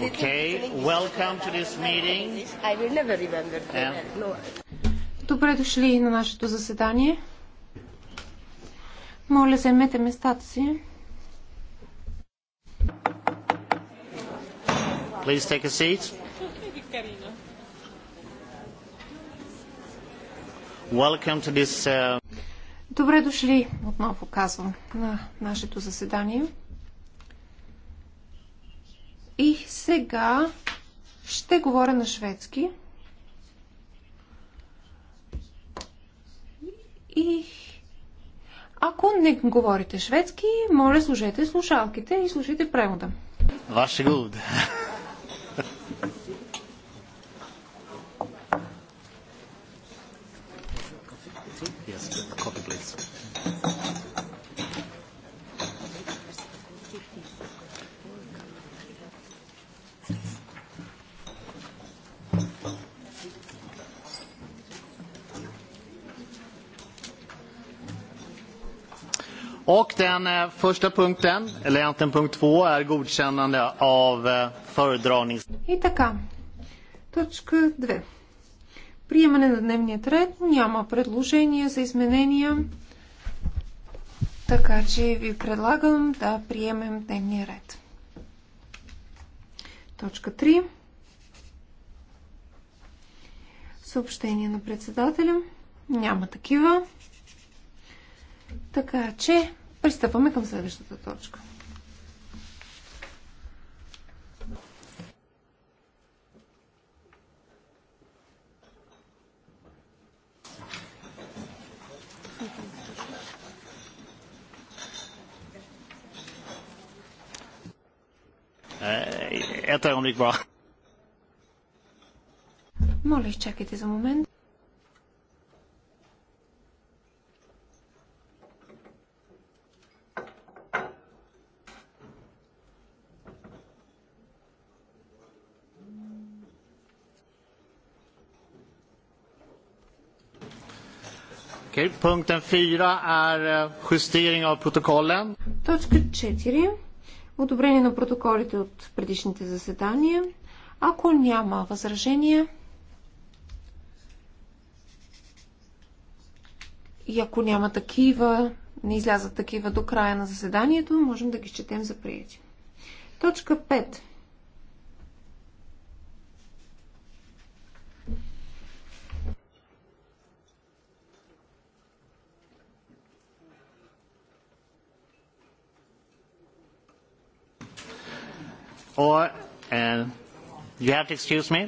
Okay, welcome to this meeting. I will never remember yeah. no. Добре дошли на нашето заседание. Моля, заемете местата си. Please take a seat. Welcome to this, uh... Добре дошли, отново казвам, на нашето заседание. И сега ще говоря на шведски. И ако не говорите шведски, моля служете слушалките и слушайте превода. гуд. Och den eh, första punkten, eller egentligen punkt två, är godkännande av eh, föredragnings... И така. Точка 2. Приемане на дневния ред. Няма предложения за изменения. Така че ви предлагам да приемем дневния ред. Точка 3. Съобщение на председателя. Няма такива. Така че пристъпваме към следващата точка. Ett ögonblick Моля, изчакайте за момент. Okay. Punkten 4 är eh, justering av protokollen. Точка 4. Одобрение на протоколите от предишните заседания. Ако няма възражения и ако няма такива, не излязат такива до края на заседанието, можем да ги четем за приятие. Точка 5. four, and you have to excuse me,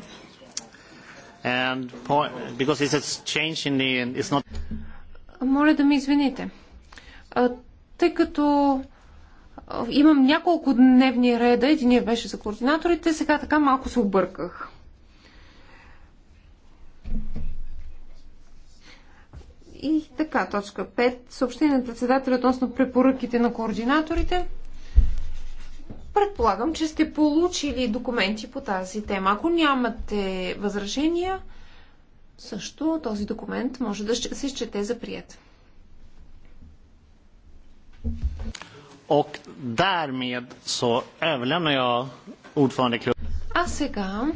and point, because it's a change in the, it's not. Моля да ми извините. тъй като имам няколко дневни реда, единия беше за координаторите, сега така малко се обърках. И така, точка 5. Съобщение на председателя относно препоръките на координаторите. Предполагам, че сте получили документи по тази тема. Ако нямате възражения, също този документ може да се счете за прият. А сега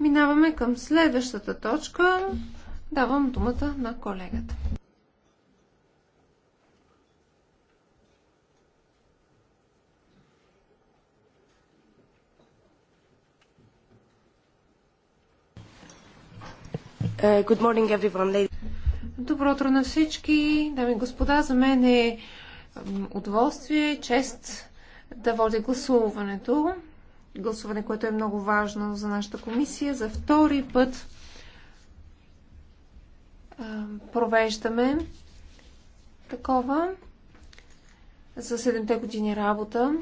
минаваме към следващата точка. Давам думата на колегата. Uh, good morning everyone. Добро утро на всички. Дами и господа, за мен е удоволствие, чест да водя гласуването. Гласуване, което е много важно за нашата комисия. За втори път провеждаме такова за седемте години работа.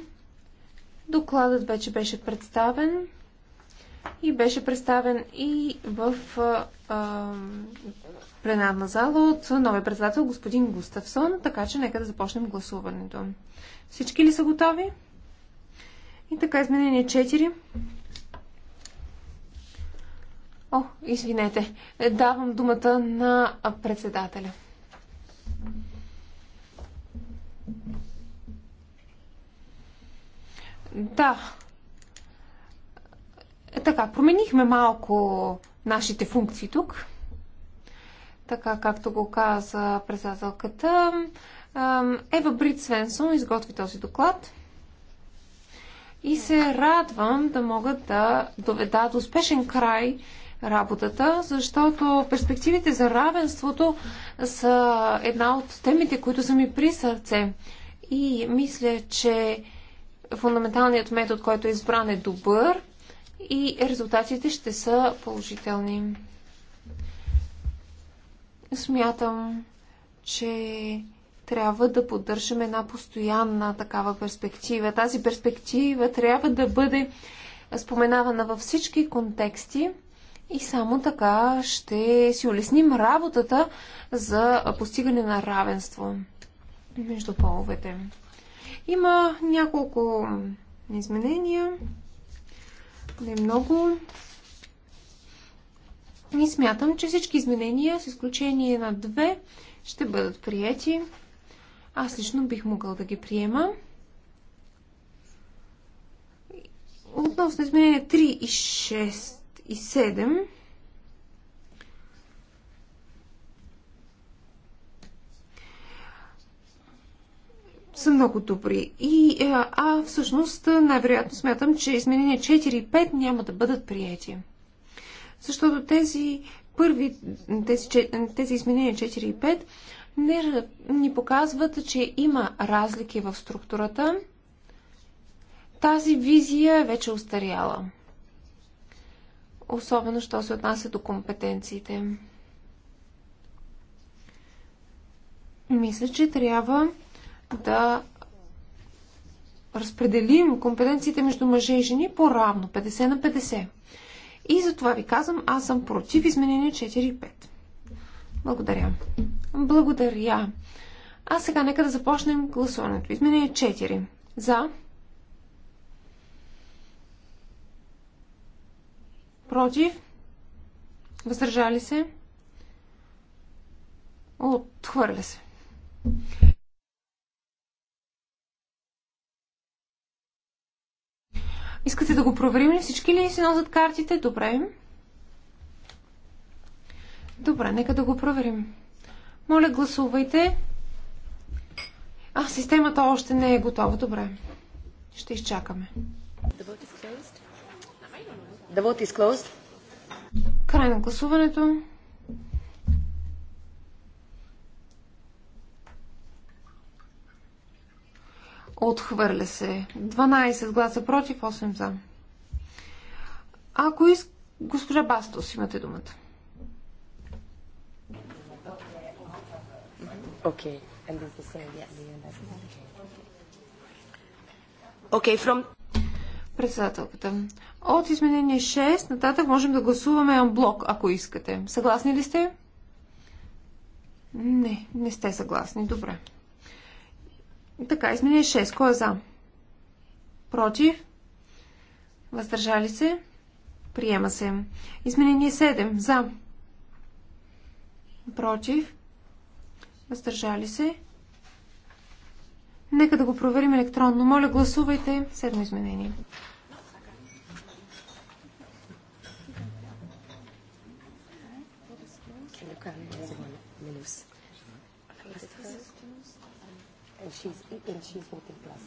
Докладът вече беше представен и беше представен и в а, а, пленарна зала от новия председател господин Густавсон, така че нека да започнем гласуването. Всички ли са готови? И така, изменение 4. О, извинете, давам думата на председателя. Да, така, променихме малко нашите функции тук. Така, както го каза председателката, Ева Брит Свенсон изготви този доклад. И се радвам да мога да доведа до успешен край работата, защото перспективите за равенството са една от темите, които са ми при сърце. И мисля, че фундаменталният метод, който е избран е добър и резултатите ще са положителни. Смятам, че трябва да поддържаме една постоянна такава перспектива. Тази перспектива трябва да бъде споменавана във всички контексти и само така ще си улесним работата за постигане на равенство между половете. Има няколко изменения не много. И смятам, че всички изменения, с изключение на две, ще бъдат приети. Аз лично бих могъл да ги приема. Относно изменения 3 и 6 и 7, са много добри. И, а, е, а всъщност, е, най-вероятно смятам, че изменения 4 и 5 няма да бъдат приети. Защото тези първи, тези, тези изменения 4 и 5 не, ни показват, че има разлики в структурата. Тази визия е вече устаряла. Особено, що се отнася до компетенциите. Мисля, че трябва да разпределим компетенциите между мъже и жени по-равно, 50 на 50. И затова ви казвам, аз съм против изменение 4 и 5. Благодаря. Благодаря. А сега нека да започнем гласуването. Изменение 4. За. Против. Въздържали се. Отхвърля се. Искате да го проверим ли? Всички ли си носят картите? Добре. Добре, нека да го проверим. Моля, гласувайте. А, системата още не е готова. Добре. Ще изчакаме. The vote is closed. Край на гласуването. Отхвърля се. 12 гласа против, 8 за. Ако иск... Госпожа Бастос, имате думата. Okay. Uh, okay, from... Председателката. От изменение 6 нататък можем да гласуваме анблок, ако искате. Съгласни ли сте? Не, не сте съгласни. Добре. Така, изменение 6. Кой е за? Против? Въздържали се? Приема се. Изменение 7. За? Против? Въздържали се? Нека да го проверим електронно. Моля, гласувайте. Седмо изменение. she's eating, she's voting plus.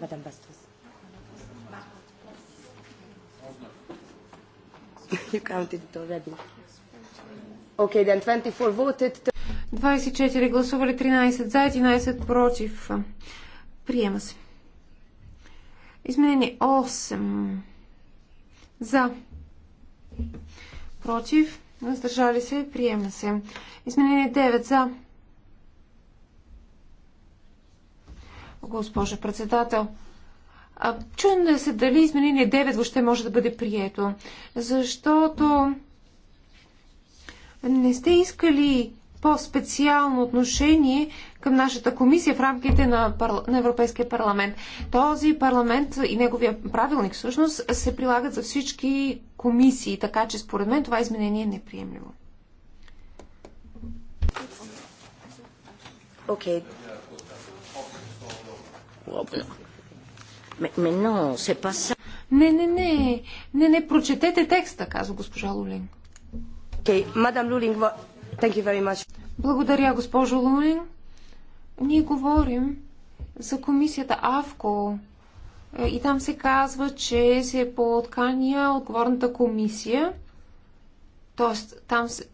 Madame Bastos. you counted it already. Okay, then 24 voted. 24 гласували 13 за, 11 против. Приема се. Изменение 8 за. Против. Въздържали се. Приема се. Изменение 9 за Госпожо председател. Е да се дали изменение 9 въобще може да бъде прието, защото не сте искали по-специално отношение към нашата комисия в рамките на, парла... на Европейския парламент. Този парламент и неговия правилник всъщност се прилагат за всички комисии, така че според мен това изменение е неприемливо. Okay, не, не, не, не, не, прочетете текста, казва госпожа Лулин. мадам Лулин, Благодаря, госпожо Лулин. Ние говорим за комисията АВКО е, и там се казва, че се подканя отговорната комисия. Тоест, там се,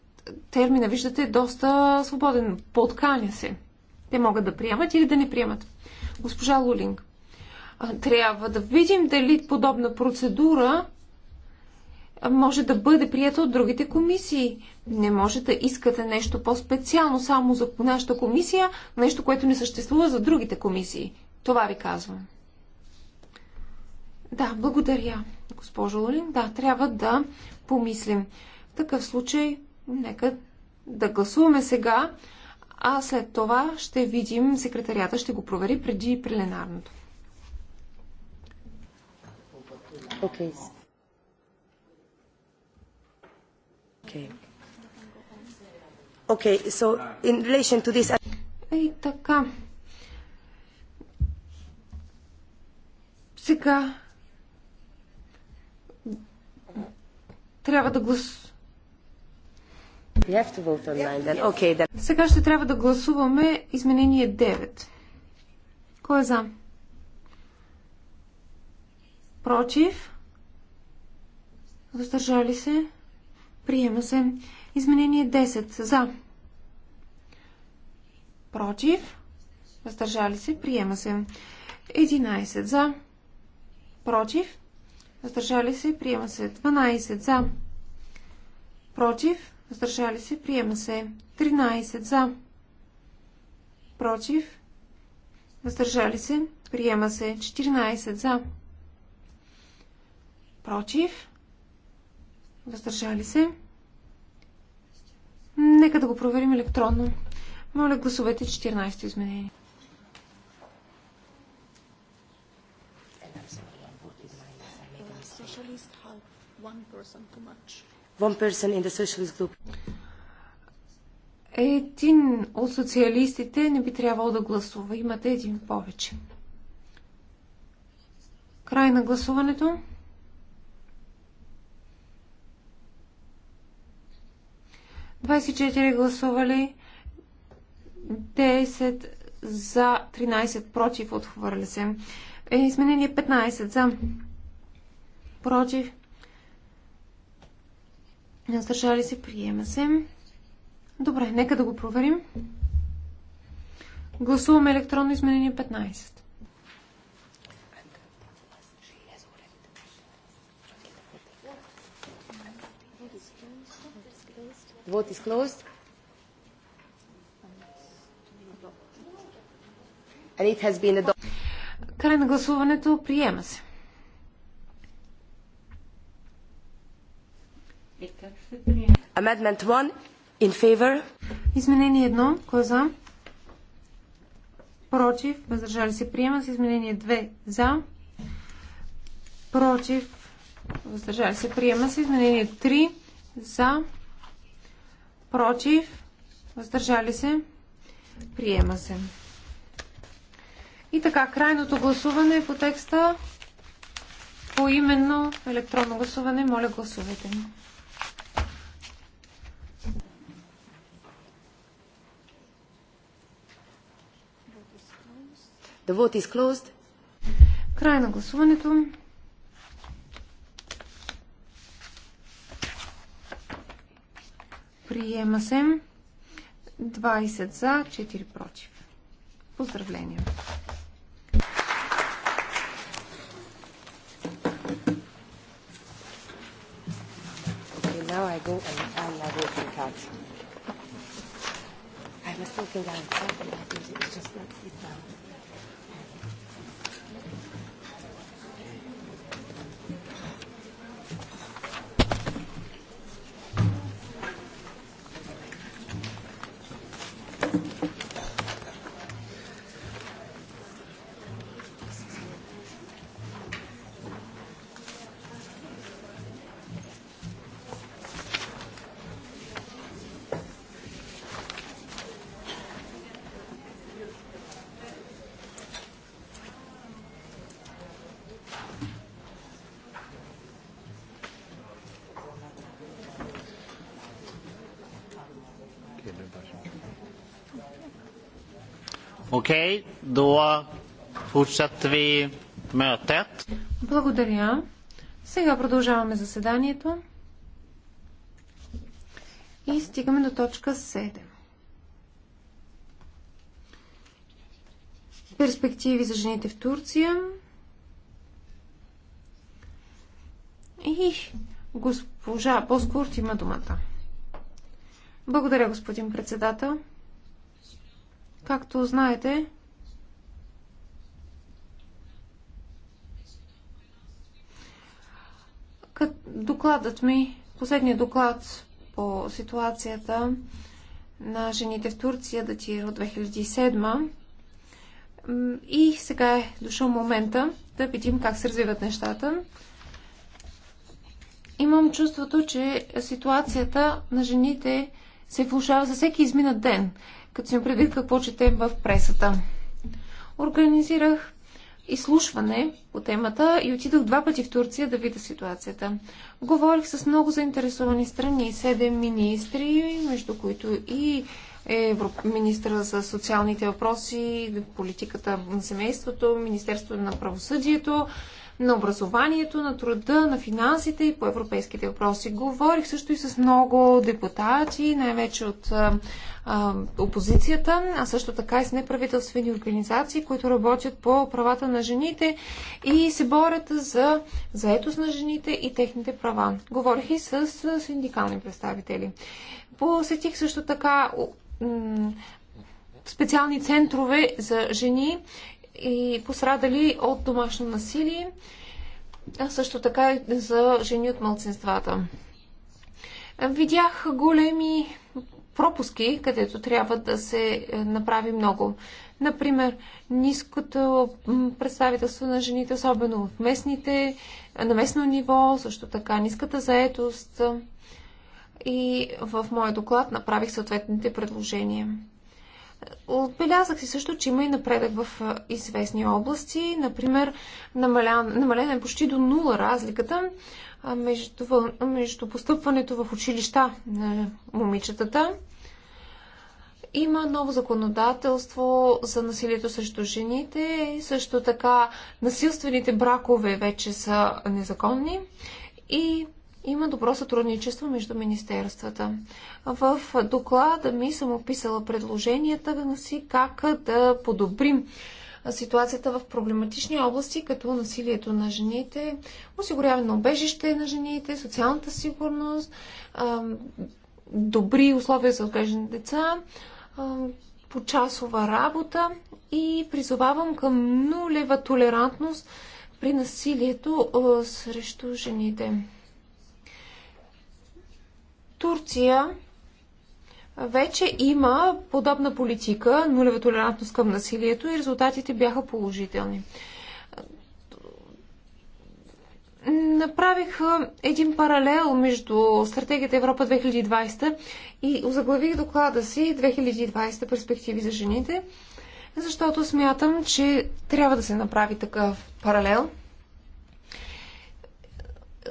термина, виждате, е доста свободен. Подканя се. Те могат да приемат или да не приемат. Госпожа Лулинг, трябва да видим дали подобна процедура може да бъде прията от другите комисии. Не може да искате нещо по-специално само за нашата комисия, нещо, което не съществува за другите комисии. Това ви казвам. Да, благодаря, госпожо Лолин. Да, трябва да помислим. В такъв случай, нека да гласуваме сега а след това ще видим, секретарията ще го провери преди пленарното. Okay. Okay. Okay, so in relation to this... И така. Сега трябва да гласуваме сега ще трябва да гласуваме изменение 9. Кой е за? Против? Въздържали се? Приема се. Изменение 10. За. Против? Въздържали се? Приема се. 11. За. Против? Въздържали се? Приема се. 12. За. Против? Въздържали се. Приема се. 13 за. Против. Въздържали се. Приема се. 14 за. Против. Въздържали се. Нека да го проверим електронно. Моля, гласовете 14 изменение. One person too much one person in the socialist group. Един от социалистите не би трябвало да гласува. Имате един повече. Край на гласуването. Двадесет гласували, 10 за, 13 против, отхвърля се. Е, изменение 15 за, против, Въздържали се, приема се. Добре, нека да го проверим. Гласуваме електронно изменение 15. Vote is closed. And it has been adopted. Край на гласуването приема се. Amendment 1 in favor. Изменение 1. Кой е за? Против. Въздържали се. Приема с изменение 2. За. Против. Въздържали се. Приема с изменение 3. За. Против. Въздържали се. Приема се. И така, крайното гласуване по текста по именно електронно гласуване. Моля, гласувайте. The vote is closed. Край на гласуването. Приема се 20 за, 4 против. Поздравления! Okay, now I go and I'm my voting card. I was thinking that it's something I think it's just not it now. Окей, до ви мътет. Благодаря. Сега продължаваме заседанието. И стигаме до точка 7. Перспективи за жените в Турция. И госпожа Боскурт има думата. Благодаря, господин председател. Както знаете, докладът ми, последният доклад по ситуацията на жените в Турция датира от 2007 и сега е дошъл момента да видим как се развиват нещата. Имам чувството, че ситуацията на жените се влушава за всеки изминат ден като си предвид какво четем в пресата. Организирах изслушване по темата и отидох два пъти в Турция да видя ситуацията. Говорих с много заинтересовани страни, седем министри, между които и Европ... министра за социалните въпроси, политиката на семейството, Министерството на правосъдието, на образованието, на труда, на финансите и по европейските въпроси. Говорих също и с много депутати, най-вече от а, опозицията, а също така и с неправителствени организации, които работят по правата на жените и се борят за заетост на жените и техните права. Говорих и с синдикални представители. Посетих също така специални центрове за жени и пострадали от домашно насилие, а също така и за жени от мълцинствата. Видях големи пропуски, където трябва да се е, направи много. Например, ниското представителство на жените, особено в местните, на местно ниво, също така ниската заетост. И в моят доклад направих съответните предложения. Отбелязах си също, че има и напредък в известни области. Например, намалена е почти до нула разликата между, между постъпването в училища на момичетата. Има ново законодателство за насилието срещу жените. Също така насилствените бракове вече са незаконни. И има добро сътрудничество между министерствата. В доклада ми съм описала предложенията си как да подобрим ситуацията в проблематични области, като насилието на жените, осигуряване на обежище на жените, социалната сигурност, добри условия за отглеждане деца, почасова работа и призовавам към нулева толерантност при насилието срещу жените. Турция вече има подобна политика, нулева толерантност към насилието и резултатите бяха положителни. Направих един паралел между стратегията Европа 2020 и заглавих доклада си 2020 перспективи за жените, защото смятам, че трябва да се направи такъв паралел –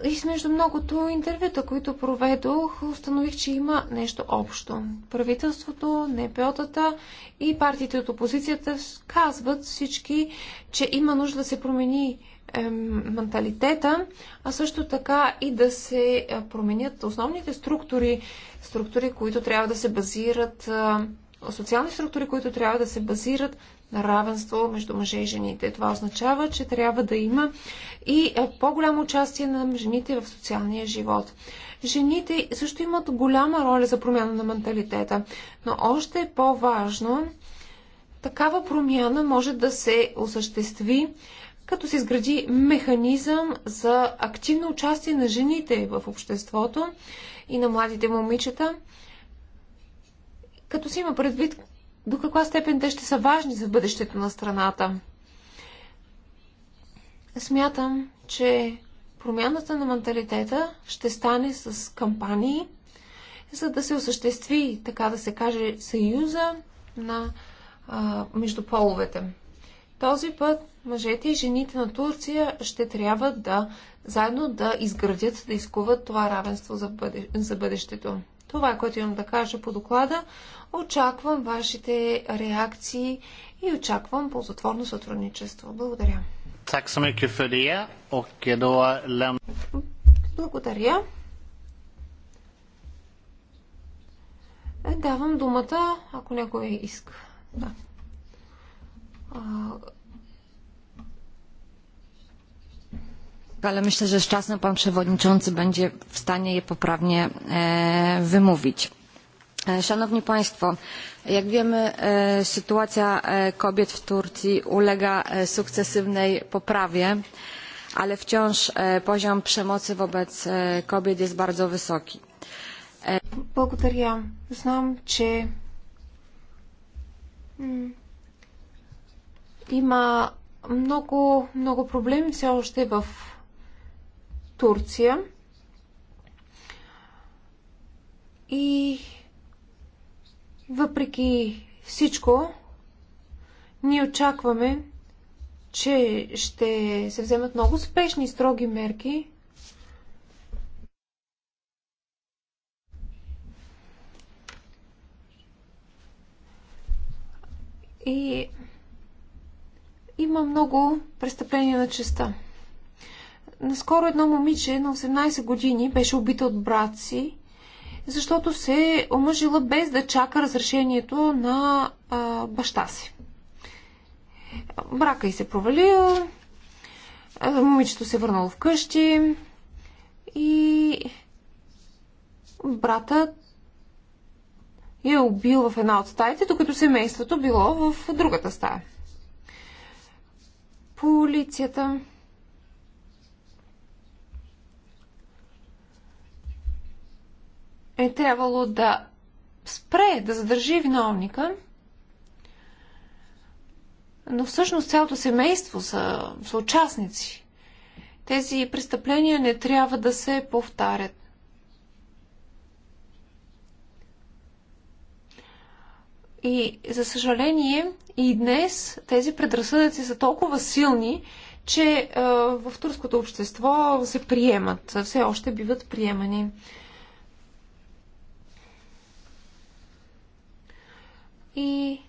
и между многото интервюта, които проведох, установих, че има нещо общо. Правителството, НПО-тата и партиите от опозицията казват всички, че има нужда да се промени е, менталитета, а също така и да се е, променят основните структури, структури, които трябва да се базират, е, социални структури, които трябва да се базират на равенство между мъже и жените. Това означава, че трябва да има и е, по-голямо участие на жените в социалния живот. Жените също имат голяма роля за промяна на менталитета, но още е по-важно такава промяна може да се осъществи като се изгради механизъм за активно участие на жените в обществото и на младите момичета, като се има предвид до каква степен те ще са важни за бъдещето на страната. Смятам, че промяната на менталитета ще стане с кампании, за да се осъществи, така да се каже, съюза на а, между половете. Този път мъжете и жените на Турция ще трябва да заедно да изградят, да изкуват това равенство за, бъде, за бъдещето. Това е което имам да кажа по доклада. Очаквам вашите реакции и очаквам ползотворно сътрудничество. Благодаря. Е Благодаря. Давам думата, ако някой иска. Да. ale myślę, że z czasem pan przewodniczący będzie w stanie je poprawnie wymówić. Szanowni Państwo, jak wiemy sytuacja kobiet w Turcji ulega sukcesywnej poprawie, ale wciąż poziom przemocy wobec kobiet jest bardzo wysoki. Благодаря. Знам, че има много, много проблеми все още в Турция. И въпреки всичко, ние очакваме, че ще се вземат много спешни и строги мерки. И има много престъпления на честа. Наскоро едно момиче на 18 години беше убита от брат си, защото се е омъжила без да чака разрешението на а, баща си. Брака й се провалил, момичето се върнало вкъщи и братът я е убил в една от стаите, докато семейството било в другата стая. Полицията е трябвало да спре, да задържи виновника, но всъщност цялото семейство са, са участници. Тези престъпления не трябва да се повтарят. И за съжаление, и днес тези предразсъдъци са толкова силни, че е, в турското общество се приемат, все още биват приемани. И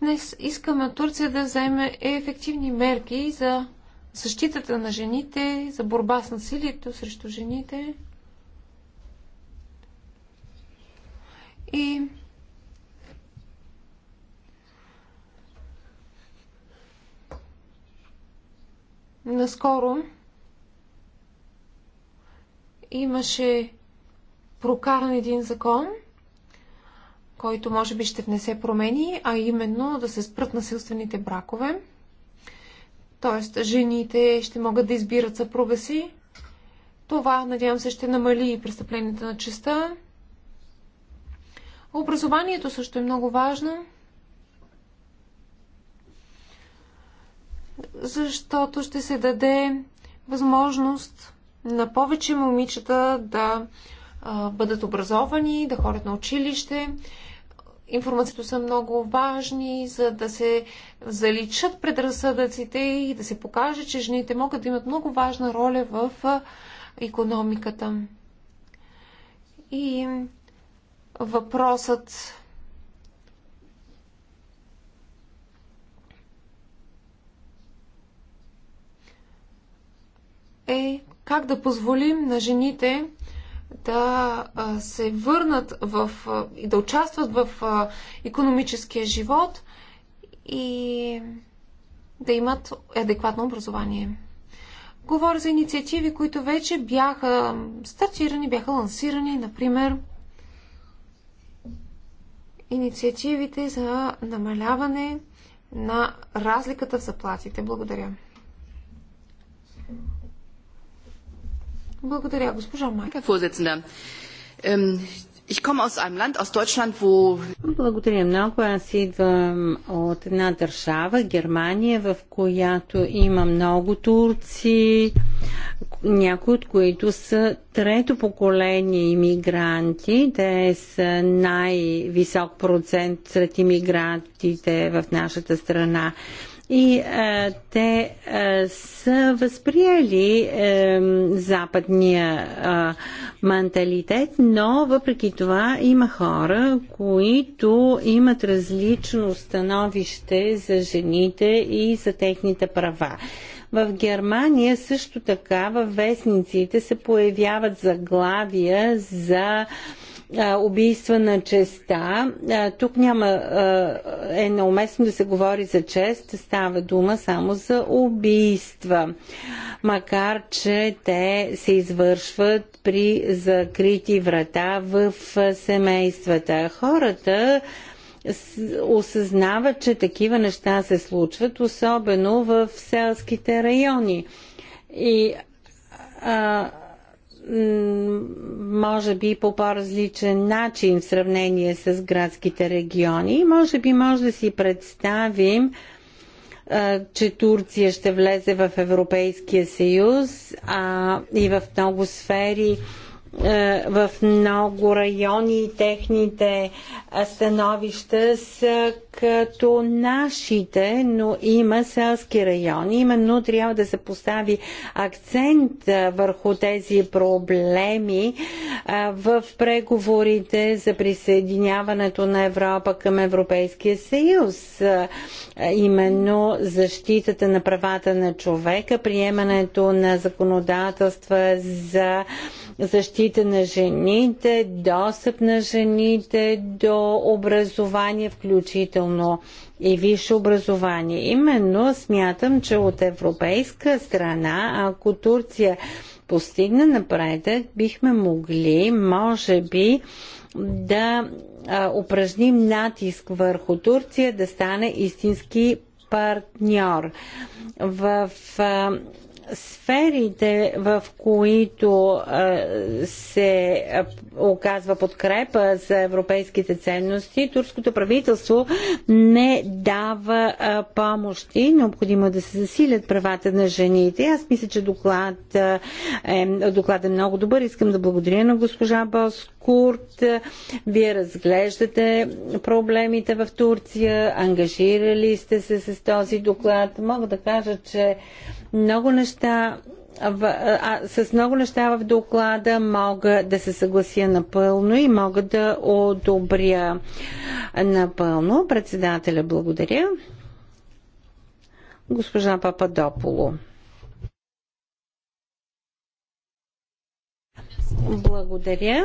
днес искаме от Турция да вземе ефективни мерки за защитата на жените, за борба с насилието срещу жените. И наскоро имаше прокаран един закон – който може би ще внесе промени, а именно да се спрат насилствените бракове. Тоест, жените ще могат да избират съпруга си. Това, надявам се, ще намали и престъпленията на честа. Образованието също е много важно. защото ще се даде възможност на повече момичета да а, бъдат образовани, да ходят на училище информацията са много важни, за да се заличат предразсъдъците и да се покаже, че жените могат да имат много важна роля в економиката. И въпросът е как да позволим на жените да се върнат в, и да участват в економическия живот и да имат адекватно образование. Говоря за инициативи, които вече бяха стартирани, бяха лансирани, например инициативите за намаляване на разликата в заплатите. Благодаря. Благодаря, госпожа Майка. Ähm, ich Благодаря много. Аз идвам от една държава, Германия, в която има много турци, някои от които са трето поколение иммигранти. Те са най-висок процент сред иммигрантите в нашата страна и а, е, те а, е, са възприели а, е, западния а, менталитет, но въпреки това има хора, които имат различно становище за жените и за техните права. В Германия също така във вестниците се появяват заглавия за убийства на честа. Тук няма, е неуместно да се говори за чест, става дума само за убийства. Макар, че те се извършват при закрити врата в семействата. Хората осъзнават, че такива неща се случват, особено в селските райони. И а, може би по по-различен начин в сравнение с градските региони. може би може да си представим, че Турция ще влезе в Европейския съюз а, и в много сфери е, в много райони и техните е, становища са като нашите, но има селски райони. Именно трябва да се постави акцент е, върху тези проблеми в преговорите за присъединяването на Европа към Европейския съюз. Именно защитата на правата на човека, приемането на законодателства за защита на жените, достъп на жените до образование, включително и висше образование. Именно смятам, че от европейска страна, ако Турция постигне напредък, бихме могли, може би, да а, упражним натиск върху Турция да стане истински партньор. В а, сферите, в които се оказва подкрепа за европейските ценности, турското правителство не дава помощи. Необходимо е да се засилят правата на жените. Аз мисля, че доклад е, доклад е много добър. Искам да благодаря на госпожа Боскурт. Вие разглеждате проблемите в Турция, ангажирали сте се с този доклад. Мога да кажа, че много неща в, а, с много неща в доклада мога да се съглася напълно и мога да одобря напълно. Председателя благодаря. Госпожа Пападополо. Благодаря.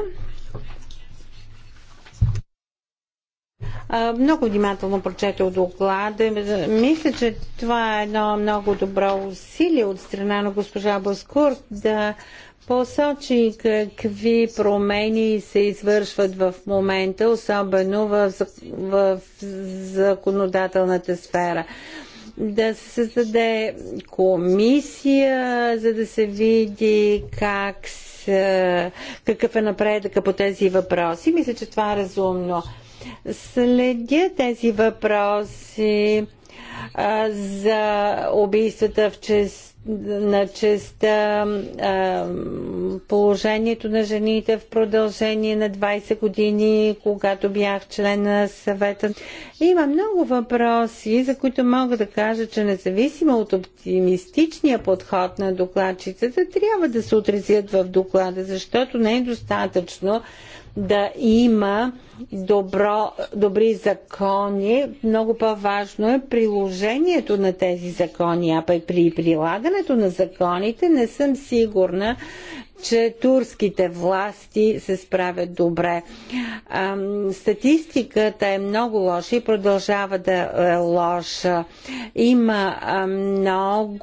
Много внимателно прочетох доклада. Мисля, че това е едно много добро усилие от страна на госпожа Баскур да посочи какви промени се извършват в момента, особено в, в законодателната сфера. Да се създаде комисия, за да се види как се, какъв е напредъка по тези въпроси. Мисля, че това е разумно следя тези въпроси а, за убийствата в чест, на честа, положението на жените в продължение на 20 години, когато бях член на съвета. Има много въпроси, за които мога да кажа, че независимо от оптимистичния подход на докладчицата, трябва да се отразят в доклада, защото не е достатъчно да има добро, добри закони. Много по-важно е приложението на тези закони, а при прилагането на законите не съм сигурна че турските власти се справят добре. Статистиката е много лоша и продължава да е лоша. Има много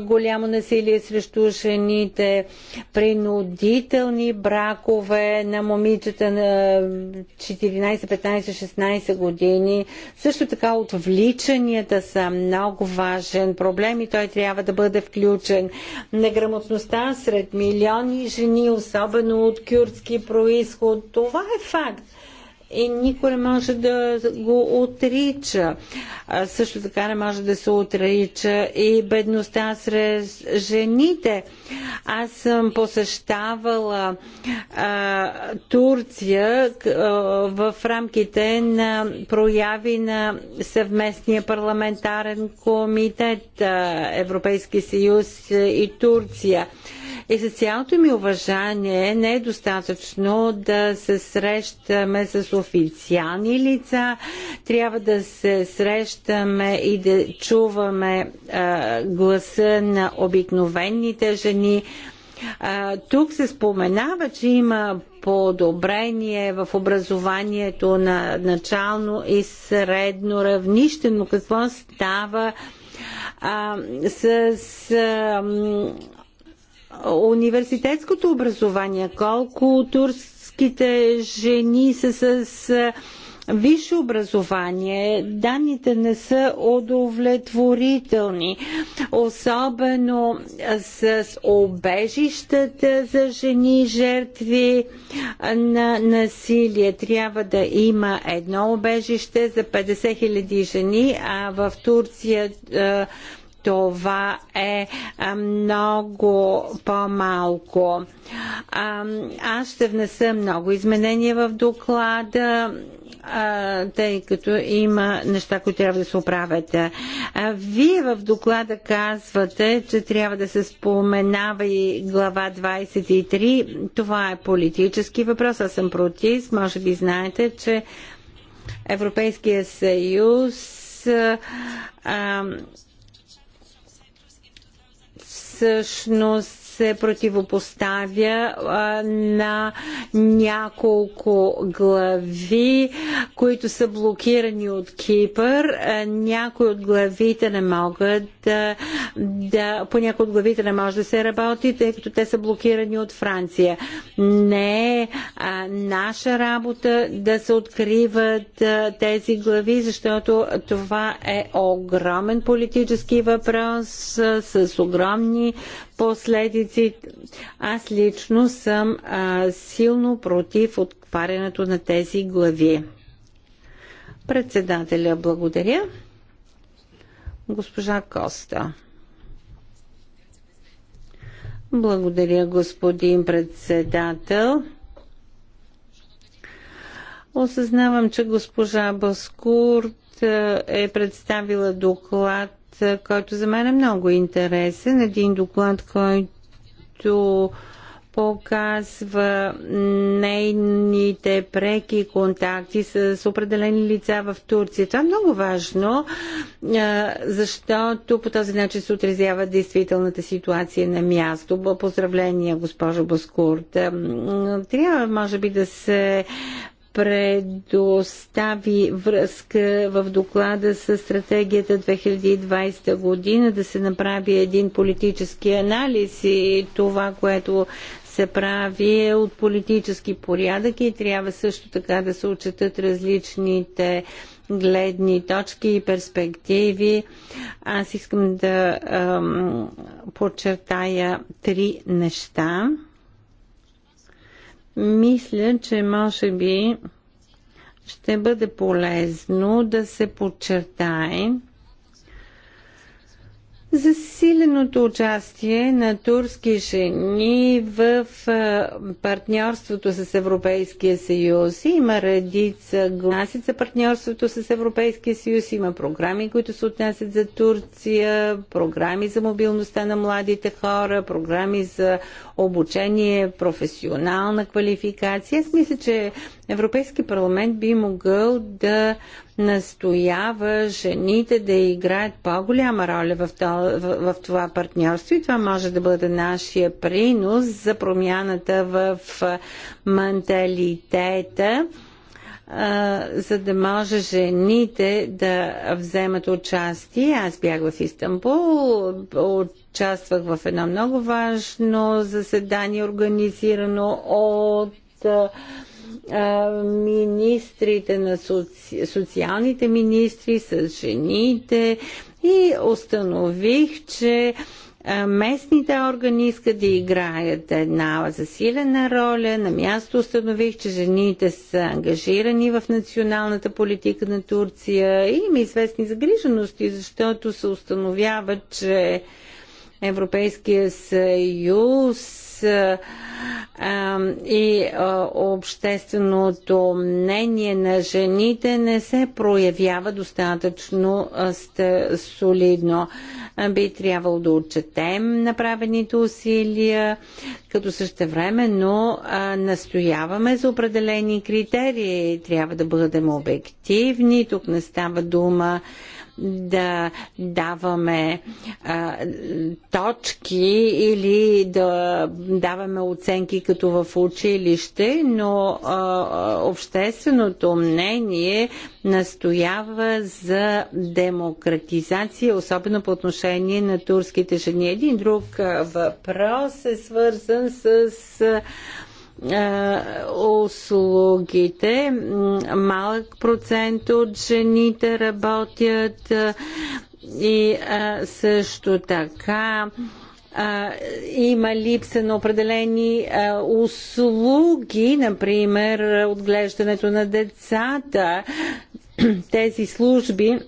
голямо насилие срещу жените, принудителни бракове на момичета на 14, 15, 16 години. Също така отвличанията са много важен проблем и той трябва да бъде включен. Неграмотността сред мили милиони жени, особено от кюртски происход. Това е факт и никой не може да го отрича. А, също така не може да се отрича и бедността сред жените. Аз съм посещавала а, Турция а, в рамките на прояви на съвместния парламентарен комитет а, Европейски съюз и Турция. И за цялото ми уважание не е достатъчно да се срещаме с официални лица, трябва да се срещаме и да чуваме а, гласа на обикновените жени. А, тук се споменава, че има подобрение в образованието на начално и средно равнище, но какво става а, с а, университетското образование, колко турските жени са с висше образование, данните не са удовлетворителни, особено с обежищата за жени жертви на насилие. Трябва да има едно обежище за 50 000 жени, а в Турция това е много по-малко. Аз ще внеса много изменения в доклада, тъй като има неща, които трябва да се оправят. Вие в доклада казвате, че трябва да се споменава и глава 23. Това е политически въпрос. Аз съм против. Може би знаете, че Европейския съюз всъщност се противопоставя а, на няколко глави, които са блокирани от Кипър. А, някои от главите не могат да, да по някои от главите не може да се работи, тъй като те са блокирани от Франция. Не е наша работа да се откриват а, тези глави, защото това е огромен политически въпрос с огромни последици. Аз лично съм а, силно против отварянето на тези глави. Председателя, благодаря. Госпожа Коста. Благодаря, господин председател. Осъзнавам, че госпожа Баскурт е представила доклад който за мен е много интересен. Един доклад, който показва нейните преки контакти с определени лица в Турция. Това е много важно, защото по този начин се отразява действителната ситуация на място. Поздравления, госпожо Баскурт. Трябва, може би, да се предостави връзка в доклада с стратегията 2020 година, да се направи един политически анализ и това, което се прави е от политически порядък и трябва също така да се отчетат различните гледни точки и перспективи. Аз искам да ам, подчертая три неща. Мисля, че може би ще бъде полезно да се подчертае, засиленото участие на турски жени в партньорството с Европейския съюз. Има редица гласи за партньорството с Европейския съюз, има програми, които се отнасят за Турция, програми за мобилността на младите хора, програми за обучение, професионална квалификация. Аз мисля, че Европейски парламент би могъл да настоява жените да играят по-голяма роля в това, в, в това партньорство и това може да бъде нашия принос за промяната в менталитета за да може жените да вземат участие. Аз бях в Истанбул, участвах в едно много важно заседание, организирано от министрите на соци... социалните министри, с жените и установих, че местните органи искат да играят една засилена роля. На място установих, че жените са ангажирани в националната политика на Турция и има известни загрижености, защото се установява, че Европейския съюз и общественото мнение на жените не се проявява достатъчно солидно. Би трябвало да отчетем направените усилия, като същевременно настояваме за определени критерии. Трябва да бъдем обективни. Тук не става дума да даваме а, точки или да даваме оценки като в училище, но а, общественото мнение настоява за демократизация, особено по отношение на турските жени. Един друг въпрос е свързан с а, услугите. Малък процент от жените работят и също така има липса на определени услуги, например отглеждането на децата. Тези служби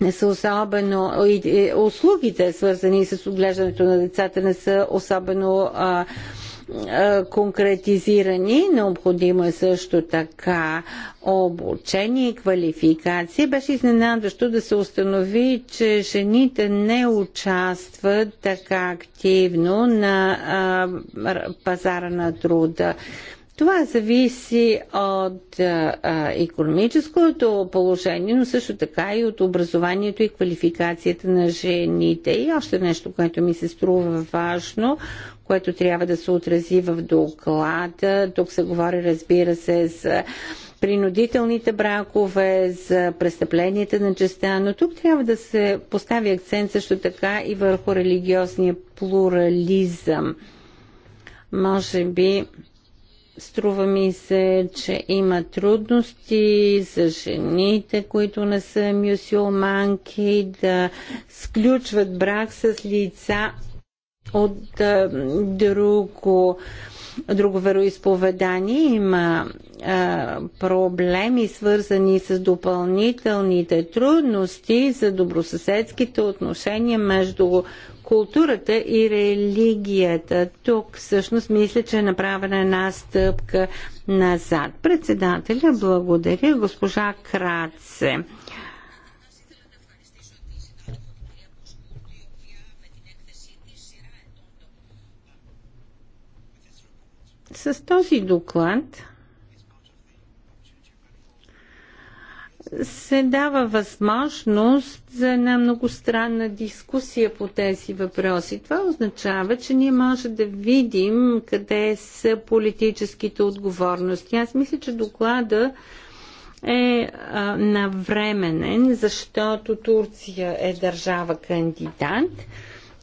не са особено. услугите, свързани с отглеждането на децата, не са особено. А, конкретизирани. Необходимо е също така обучение и квалификация. Беше изненадващо да се установи, че жените не участват така активно на пазара на труда. Това зависи от економическото положение, но също така и от образованието и квалификацията на жените. И още нещо, което ми се струва важно което трябва да се отрази в доклада. Тук се говори, разбира се, за принудителните бракове, за престъпленията на честа, но тук трябва да се постави акцент също така и върху религиозния плурализъм. Може би Струва ми се, че има трудности за жените, които не са мюсюлманки, да сключват брак с лица от а, друго, друго вероисповедание. Има а, проблеми, свързани с допълнителните трудности за добросъседските отношения между културата и религията. Тук всъщност мисля, че е направена една стъпка назад. Председателя, благодаря, госпожа Краце. С този доклад се дава възможност за една многостранна дискусия по тези въпроси. Това означава, че ние може да видим къде са политическите отговорности. Аз мисля, че доклада е а, навременен, защото Турция е държава кандидат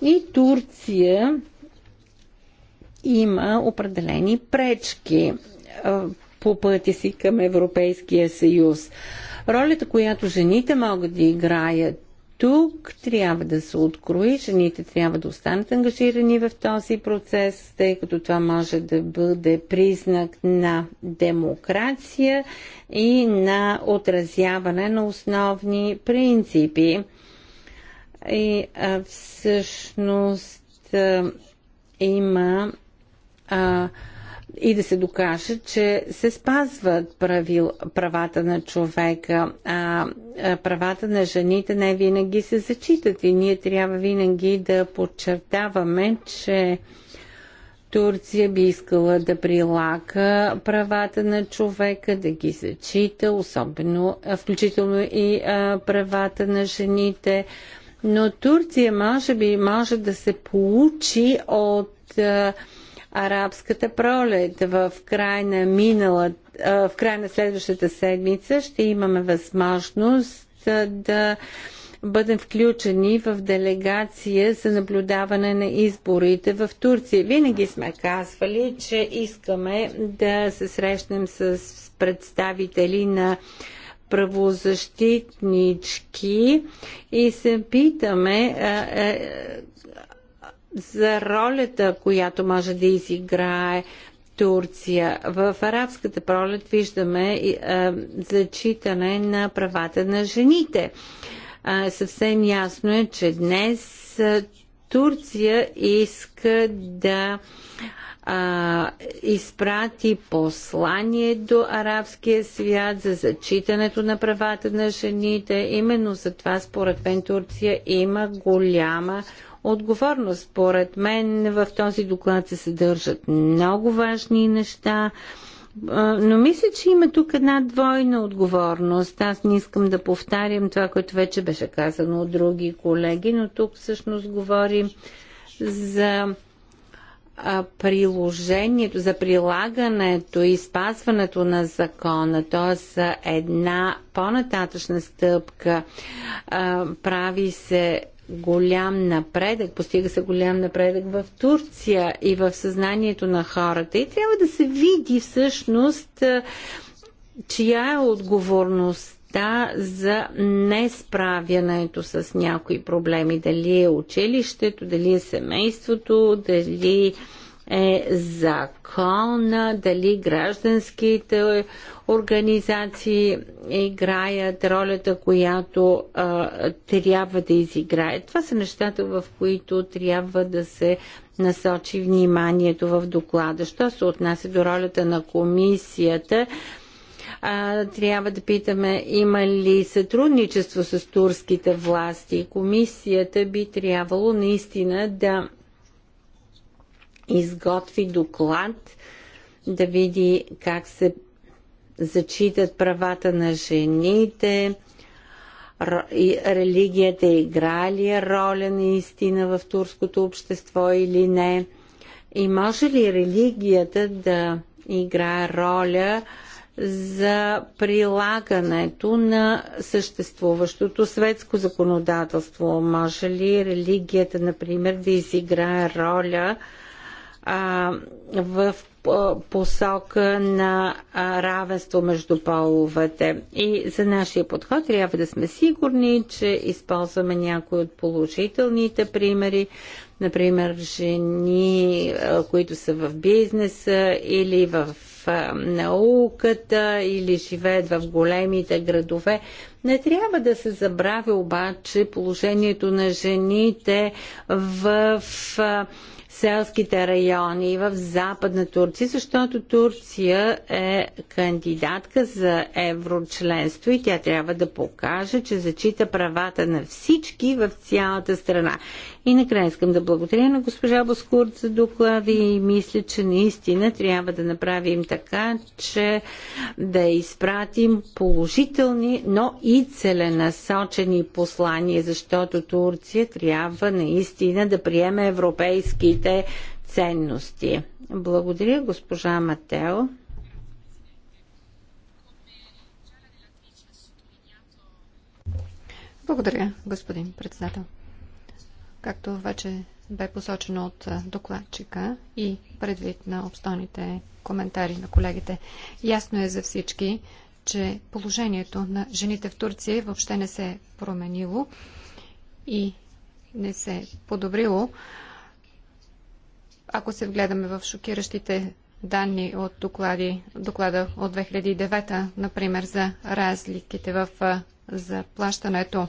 и Турция има определени пречки по пътя си към Европейския съюз. Ролята, която жените могат да играят тук трябва да се открои, жените трябва да останат ангажирани в този процес, тъй като това може да бъде признак на демокрация и на отразяване на основни принципи. И а, всъщност а, има а, и да се докаже, че се спазват правил, правата на човека, а, а правата на жените не винаги се зачитат и ние трябва винаги да подчертаваме, че Турция би искала да прилага правата на човека, да ги зачита, особено, включително и а, правата на жените. Но Турция може би може да се получи от а, арабската пролет. В край на, минала, в край на следващата седмица ще имаме възможност да бъдем включени в делегация за наблюдаване на изборите в Турция. Винаги сме казвали, че искаме да се срещнем с представители на правозащитнички и се питаме е, за ролята, която може да изиграе Турция. В арабската пролет виждаме а, зачитане на правата на жените. А, съвсем ясно е, че днес а, Турция иска да а, изпрати послание до арабския свят за зачитането на правата на жените. Именно за това, според мен, Турция има голяма отговорност. Според мен в този доклад се съдържат много важни неща. Но мисля, че има тук една двойна отговорност. Аз не искам да повтарям това, което вече беше казано от други колеги, но тук всъщност говорим за приложението, за прилагането и спазването на закона, т.е. една по-нататъчна стъпка. Прави се голям напредък, постига се голям напредък в Турция и в съзнанието на хората. И трябва да се види всъщност е, чия е отговорността за несправянето с някои проблеми. Дали е училището, дали е семейството, дали е е закона, дали гражданските организации играят ролята, която а, трябва да изиграят. Това са нещата, в които трябва да се насочи вниманието в доклада. Що се отнася до ролята на комисията, а, трябва да питаме има ли сътрудничество с турските власти. Комисията би трябвало наистина да изготви доклад да види как се зачитат правата на жените, религията играе ли роля наистина в турското общество или не. И може ли религията да играе роля за прилагането на съществуващото светско законодателство? Може ли религията, например, да изиграе роля а, в посока на равенство между половете. И за нашия подход трябва да сме сигурни, че използваме някои от положителните примери, например жени, които са в бизнеса или в науката или живеят в големите градове. Не трябва да се забравя обаче положението на жените в селските райони в Западна Турция, защото Турция е кандидатка за еврочленство и тя трябва да покаже, че зачита правата на всички в цялата страна. И накрая искам да благодаря на госпожа Боскурт за доклада и мисля, че наистина трябва да направим така, че да изпратим положителни, но и целенасочени послания, защото Турция трябва наистина да приеме европейските ценности. Благодаря, госпожа Матео. Благодаря, господин председател. Както вече бе посочено от докладчика и предвид на обстойните коментари на колегите, ясно е за всички, че положението на жените в Турция въобще не се е променило и не се е подобрило. Ако се вгледаме в шокиращите данни от доклади, доклада от 2009, например, за разликите в заплащането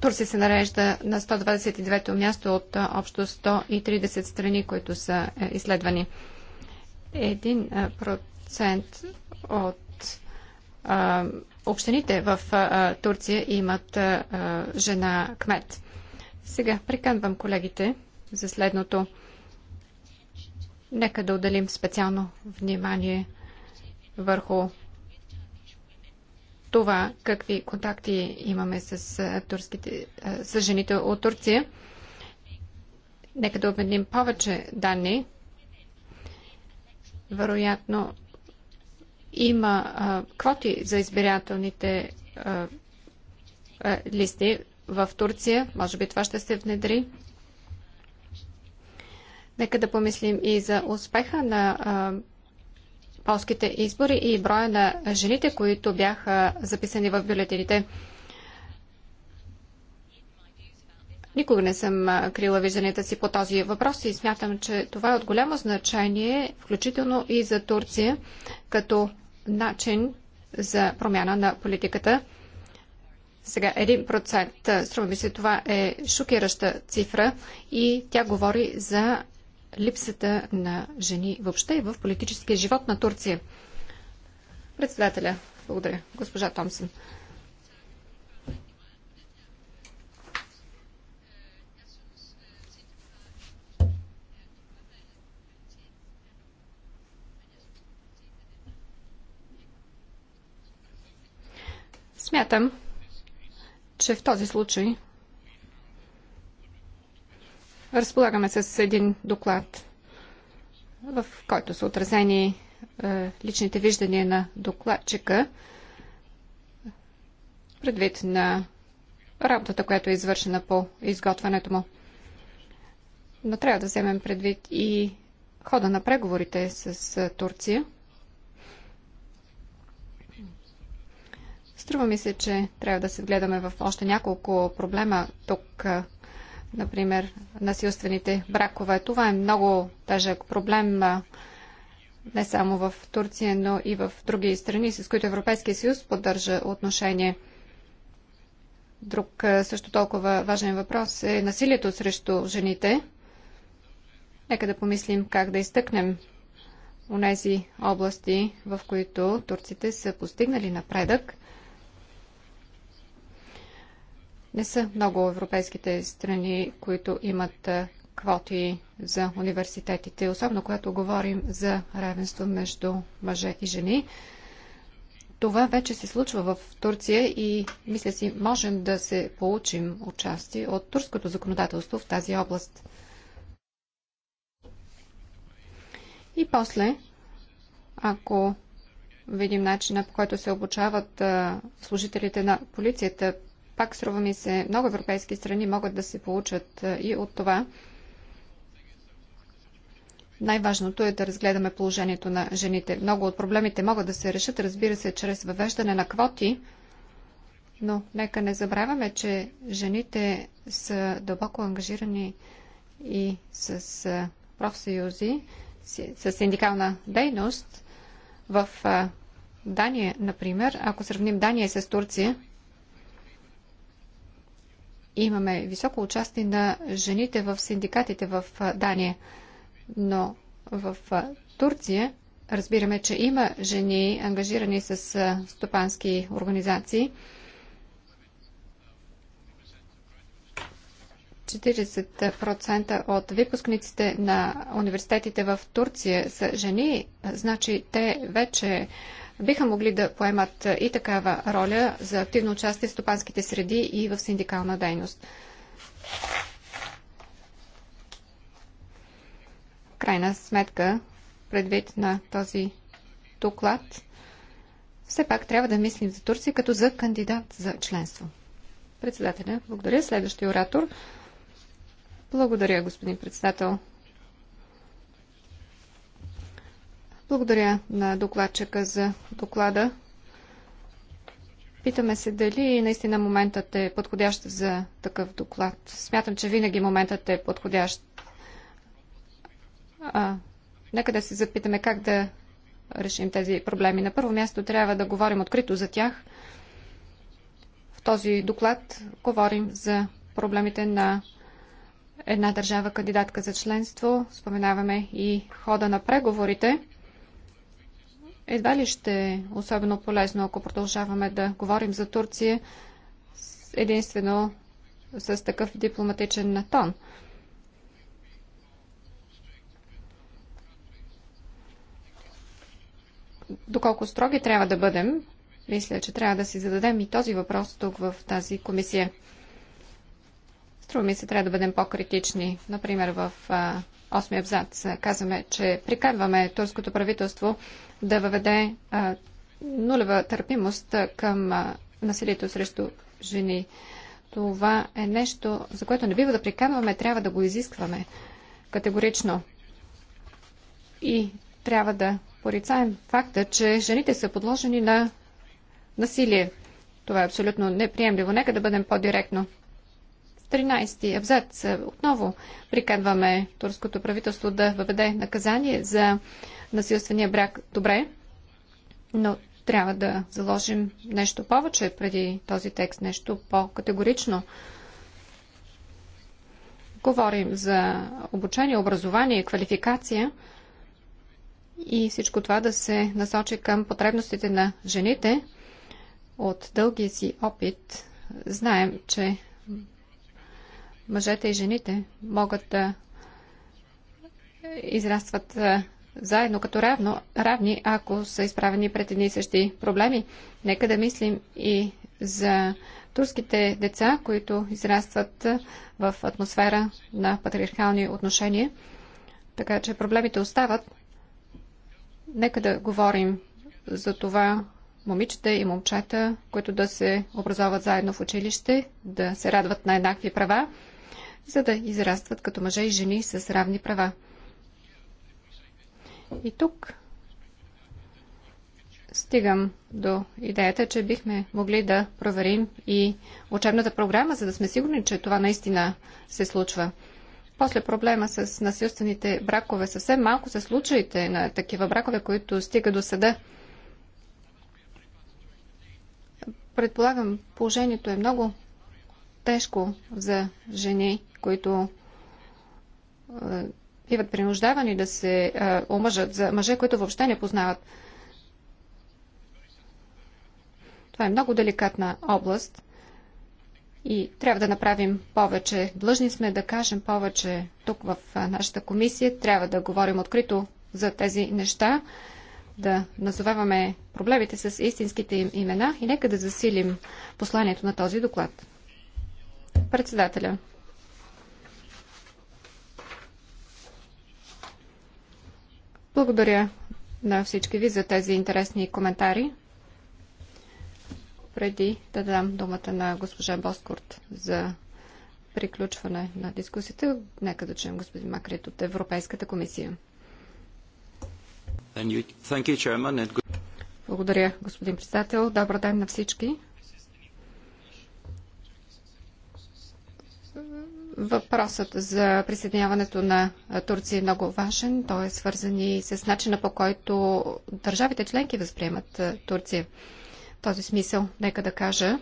Турция се нарежда на 129-то място от общо 130 страни, които са е, изследвани. Един процент от а, общините в а, Турция имат а, жена кмет. Сега приканвам колегите за следното. Нека да отделим специално внимание върху това какви контакти имаме с, турските, с жените от Турция. Нека да обменим повече данни. Вероятно има а, квоти за избирателните а, а, листи в Турция. Може би това ще се внедри. Нека да помислим и за успеха на полските избори и броя на жените, които бяха записани в бюлетините. Никога не съм крила вижданията си по този въпрос и смятам, че това е от голямо значение, включително и за Турция, като начин за промяна на политиката. Сега 1%. Струва ми се, това е шокираща цифра и тя говори за липсата на жени въобще и в политическия живот на Турция. Председателя, благодаря. Госпожа Томсън. Смятам, че в този случай разполагаме с един доклад, в който са отразени е, личните виждания на докладчика предвид на работата, която е извършена по изготвянето му. Но трябва да вземем предвид и хода на преговорите с е, Турция. Струва ми се, че трябва да се вгледаме в още няколко проблема тук е, например, насилствените бракове. Това е много тежък проблем не само в Турция, но и в други страни, с които Европейския съюз поддържа отношение. Друг също толкова важен въпрос е насилието срещу жените. Нека да помислим как да изтъкнем нези области, в които турците са постигнали напредък Не са много европейските страни, които имат квоти за университетите, особено когато говорим за равенство между мъже и жени. Това вече се случва в Турция и мисля си, можем да се получим участие от турското законодателство в тази област. И после, ако видим начина по който се обучават служителите на полицията пак струва ми се, много европейски страни могат да се получат е, и от това. Най-важното е да разгледаме положението на жените. Много от проблемите могат да се решат, разбира се, чрез въвеждане на квоти, но нека не забравяме, че жените са дълбоко ангажирани и с е, профсъюзи, с синдикална дейност. В е, Дания, например, ако сравним Дания с Турция, Имаме високо участие на жените в синдикатите в Дания, но в Турция разбираме, че има жени ангажирани с стопански организации. 40% от випускниците на университетите в Турция са жени, значи те вече биха могли да поемат и такава роля за активно участие в стопанските среди и в синдикална дейност. Крайна сметка, предвид на този доклад, все пак трябва да мислим за Турция като за кандидат за членство. Председателя, благодаря. Следващия оратор. Благодаря, господин председател. Благодаря на докладчика за доклада. Питаме се дали наистина моментът е подходящ за такъв доклад. Смятам, че винаги моментът е подходящ. А, нека да се запитаме как да решим тези проблеми. На първо място трябва да говорим открито за тях. В този доклад говорим за проблемите на една държава кандидатка за членство. Споменаваме и хода на преговорите едва ли ще е особено полезно, ако продължаваме да говорим за Турция единствено с такъв дипломатичен тон. Доколко строги трябва да бъдем, мисля, че трябва да си зададем и този въпрос тук в тази комисия. Струва ми се, трябва да бъдем по-критични. Например, в осми абзац казваме, че приканваме турското правителство да въведе а, нулева търпимост към а, насилието срещу жени. Това е нещо, за което не бива да приканваме, трябва да го изискваме категорично. И трябва да порицаем факта, че жените са подложени на насилие. Това е абсолютно неприемливо. Нека да бъдем по-директно. 13 абзац отново приканваме турското правителство да въведе наказание за насилствения брак. Добре, но трябва да заложим нещо повече преди този текст, нещо по-категорично. Говорим за обучение, образование, квалификация и всичко това да се насочи към потребностите на жените от дългия си опит. Знаем, че мъжете и жените могат да израстват заедно като равно, равни, ако са изправени пред едни и същи проблеми. Нека да мислим и за турските деца, които израстват в атмосфера на патриархални отношения. Така че проблемите остават. Нека да говорим за това момичета и момчета, които да се образоват заедно в училище, да се радват на еднакви права за да израстват като мъже и жени с равни права. И тук стигам до идеята, че бихме могли да проверим и учебната програма, за да сме сигурни, че това наистина се случва. После проблема с насилствените бракове. Съвсем малко са случаите на такива бракове, които стига до съда. Предполагам, положението е много тежко за жени които е, биват принуждавани да се е, омъжат за мъже, които въобще не познават. Това е много деликатна област и трябва да направим повече. Длъжни сме да кажем повече тук в е, нашата комисия. Трябва да говорим открито за тези неща, да назоваваме проблемите с истинските им имена и нека да засилим посланието на този доклад. Председателя. Благодаря на всички ви за тези интересни коментари. Преди да дам думата на госпожа Боскорт за приключване на дискусията, нека да чуем господин Макрит от Европейската комисия. Благодаря, господин председател. Добър ден на всички. Въпросът за присъединяването на Турция е много важен. Той е свързан и с начина по който държавите членки възприемат Турция. В този смисъл, нека да кажа,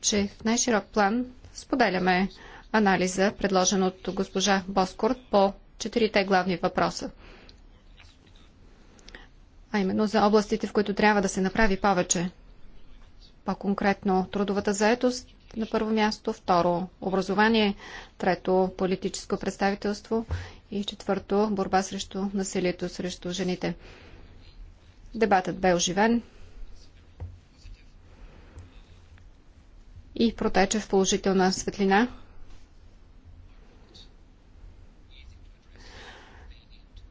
че в най-широк план споделяме анализа, предложен от госпожа Боскорт по четирите главни въпроса. А именно за областите, в които трябва да се направи повече. По-конкретно трудовата заетост, на първо място, второ образование, трето политическо представителство и четвърто борба срещу насилието срещу жените. Дебатът бе оживен и протече в положителна светлина.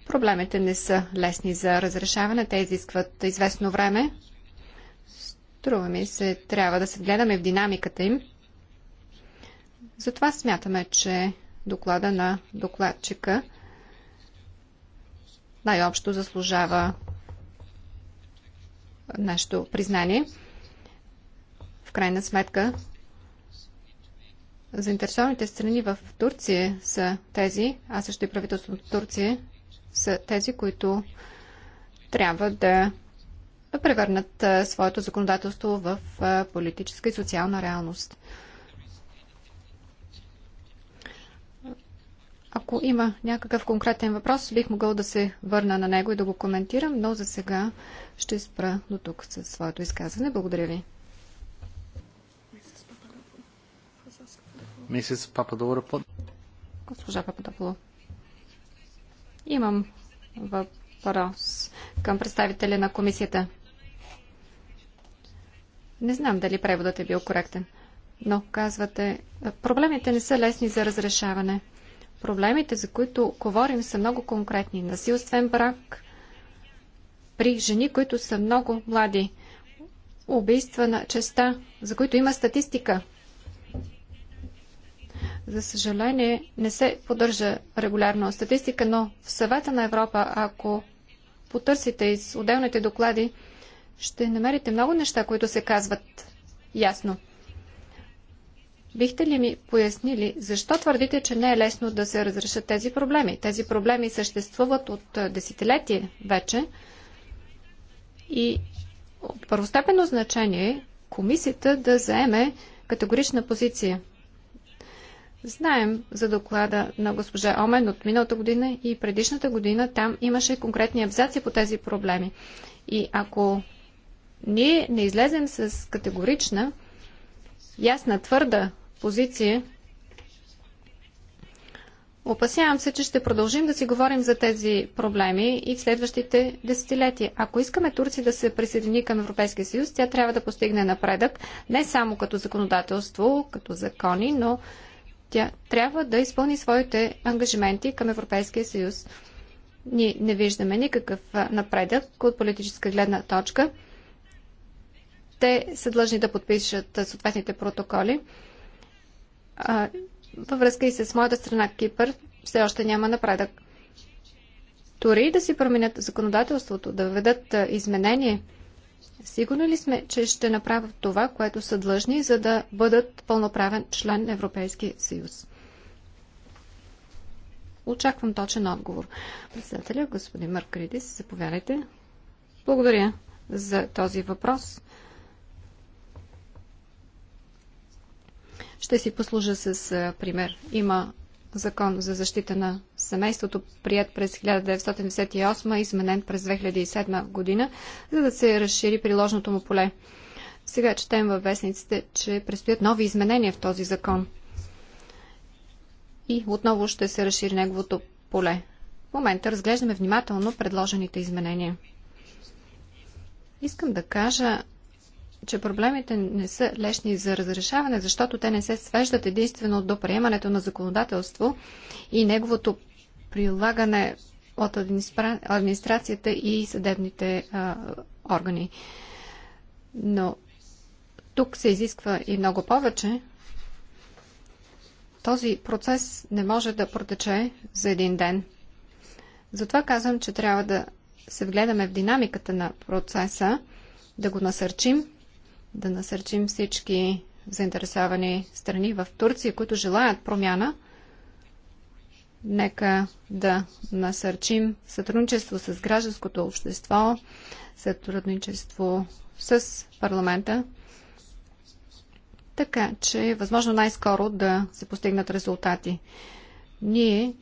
Проблемите не са лесни за разрешаване, те изискват известно време. Струва ми се, трябва да се гледаме в динамиката им. Затова смятаме, че доклада на докладчика най-общо заслужава нашето признание. В крайна сметка, заинтересованите страни в Турция са тези, а също и правителството на Турция са тези, които трябва да да превърнат своето законодателство в политическа и социална реалност. Ако има някакъв конкретен въпрос, бих могъл да се върна на него и да го коментирам, но за сега ще спра до тук със своето изказване. Благодаря ви. Мисис Пападоро. Госпожа Пападополо. Имам въпрос към представителя на комисията. Не знам дали преводът е бил коректен, но казвате, е, проблемите не са лесни за разрешаване. Проблемите, за които говорим, са много конкретни. Насилствен брак при жени, които са много млади. Убийства на честа, за които има статистика. За съжаление, не се поддържа регулярно статистика, но в съвета на Европа, ако потърсите из отделните доклади, ще намерите много неща, които се казват ясно. Бихте ли ми пояснили, защо твърдите, че не е лесно да се разрешат тези проблеми? Тези проблеми съществуват от десетилетие вече и от първостепенно значение е комисията да заеме категорична позиция. Знаем за доклада на госпожа Омен от миналата година и предишната година. Там имаше конкретни абзаци по тези проблеми. И ако ние не излезем с категорична, ясна, твърда позиция, опасявам се, че ще продължим да си говорим за тези проблеми и в следващите десетилетия. Ако искаме Турция да се присъедини към Европейския съюз, тя трябва да постигне напредък не само като законодателство, като закони, но тя трябва да изпълни своите ангажименти към Европейския съюз. Ние не виждаме никакъв напредък от политическа гледна точка те са длъжни да подпишат съответните протоколи. Във връзка и с моята страна Кипър все още няма напредък. Дори да си променят законодателството, да введат изменение, сигурни ли сме, че ще направят това, което са длъжни, за да бъдат пълноправен член на Европейския съюз? Очаквам точен отговор. Председателя, господин Маркридис, заповядайте. Благодаря за този въпрос. Ще си послужа с пример. Има закон за защита на семейството, прият през 1998, изменен през 2007 година, за да се разшири приложното му поле. Сега четем във вестниците, че предстоят нови изменения в този закон. И отново ще се разшири неговото поле. В момента разглеждаме внимателно предложените изменения. Искам да кажа, че проблемите не са лесни за разрешаване, защото те не се свеждат единствено до приемането на законодателство и неговото прилагане от администрацията и съдебните а, органи. Но тук се изисква и много повече. Този процес не може да протече за един ден. Затова казвам, че трябва да се вгледаме в динамиката на процеса, да го насърчим да насърчим всички заинтересовани страни в Турция, които желаят промяна. Нека да насърчим сътрудничество с гражданското общество, сътрудничество с парламента, така че е възможно най-скоро да се постигнат резултати. Ние